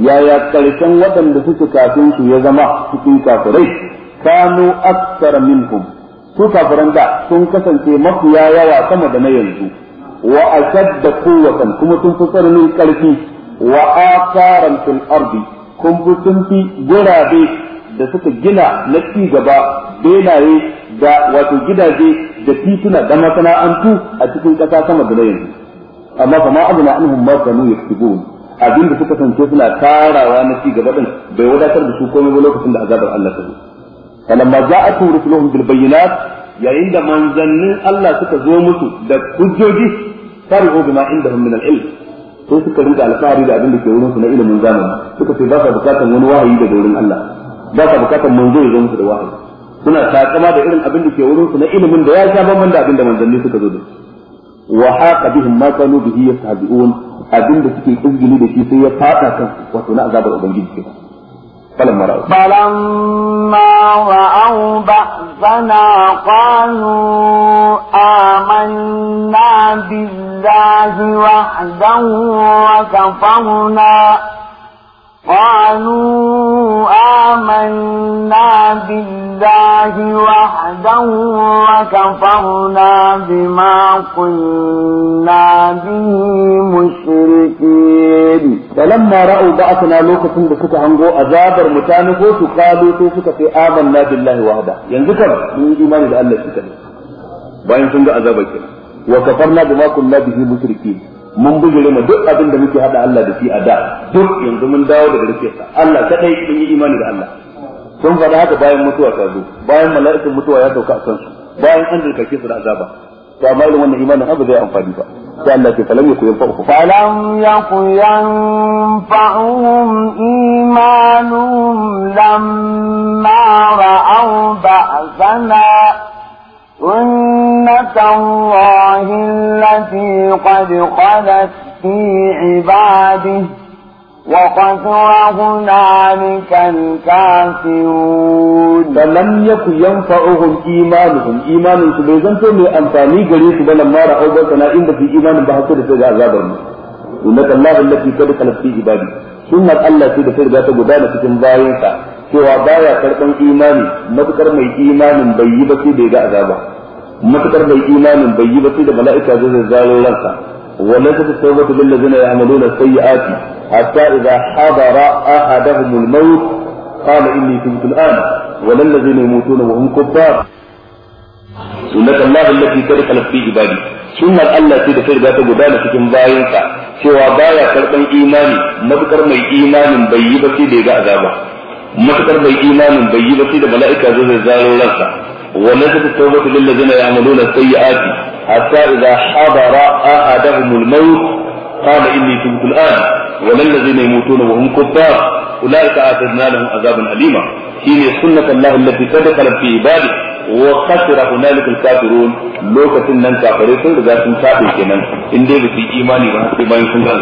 yaya karshen waɗanda suke kafin su ya zama cikin kafirai kanu aktsara minhum su kafiran da sun kasance mafiya yawa sama da na yanzu wa ashadda quwwatan kuma sun fi tsananin karfi wa aqaran fil ardi kun fi sun fi gurabe da suka gina na ci gaba benaye da wato gidaje da tituna da masana'antu a cikin ƙasa sama da na yanzu amma fa ma azna anhum ma kanu yaktubun abin da suka sance suna karawa na ci gaba din bai wadatar da su komai ba lokacin da azabar Allah ta zo falamma ja'atu rusuluhum bil bayyinat yayin da manzannin Allah suka zo musu da hujjoji farihu bima indahum min al-ilm sai suka rinka alfahari da abin da ke wurin su na ilimin zamani suka ce ba sa bukatan wani wahayi daga wurin Allah ba sa bukatan manzo ya zo musu da wahayi suna takama da irin abin da ke wurin su na ilimin da ya sha bamban da abin da manzanni suka zo da shi wa haqa bihim ma kanu bihi yastahzi'un abin da suke izgili da shi sai ya fada kan wato na azabar ubangiji kenan فلما رأوا فلما رأوا بأسنا قالوا آمنا بالله وحده وكفرنا قالوا آمنا بالله الله وحده وكفرنا بما كنا به مشركين فلما رأوا بعثنا لوكة بسكة عنقو أذابر متانكو تقالوا توفك في آمنا بالله وحده ينذكر من إيمان الله سكة باين sun ga azabar kenan wa kafarna bima kunna mun bugure mu duk abin da muke hada Allah da shi a da duk yanzu mun dawo daga rike Allah kadai mun yi imani da Allah sun faɗa haka bayan mutuwa ta zo bayan mala'ikan mutuwa ya dauka a su bayan an dirkake su da azaba to amma irin wannan imanin abu zai amfani ba sai Allah ke falam yaku yanfa'u falam yaku yanfa'uhum imanuhum lamma ra'aw ba'sana سنة الله التي قد خلت في عباده وقثر هنالك الكافرون فلم يكن ينفعهم ايمانهم ايمان سبيزن تو مي امفاني غري سو لما راوا بكنا ان في ايمان بحث ده عذاب إنك الله التي قد خلت في عبادي sunnar Allah ce da ta riga ta gudana cikin bayansa cewa baya karban imani matukar mai imanin bai yi ba sai da ya ga matukar mai imanin bai yi ba sai da mala'ika zai zalo ransa وليست التوبة للذين يعملون السيئات حتى إذا حضر أحدهم الموت قال إني تبت الآن ولا يموتون وهم كفار سنة الله التي تدخلت في عبادي sunnar Allah ce da ta riga ta gudana cikin bayansa cewa baya karban imani matukar mai imanin bai yi ba sai da ya ga azaba matukar mai imanin bai yi ba sai da mala'ika zai zaro ransa wannan ta tawbatu lil ladina ya'maluna sayyi'ati حتى إذا حضر أحدهم الموت قال إني تبت الآن ولا الذين يموتون وهم كفار أولئك أعتدنا لهم عذابا أليما هي سنة الله التي قد خلت في عباده وخسر هنالك الكافرون لوكتين نان كافرين سن riga sun sabe kenan in dai ba su yi ba sai bayan sun ga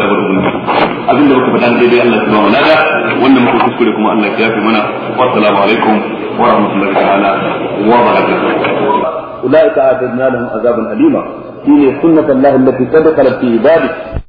abin da muka faɗa ne dai Allah subhanahu wa ta'ala wanda muka kuskure kuma Allah ya mana wa wa wa ulaika a'tadna lahum azaban alima shine sunnatullahi allati qad khalat fi ibadihi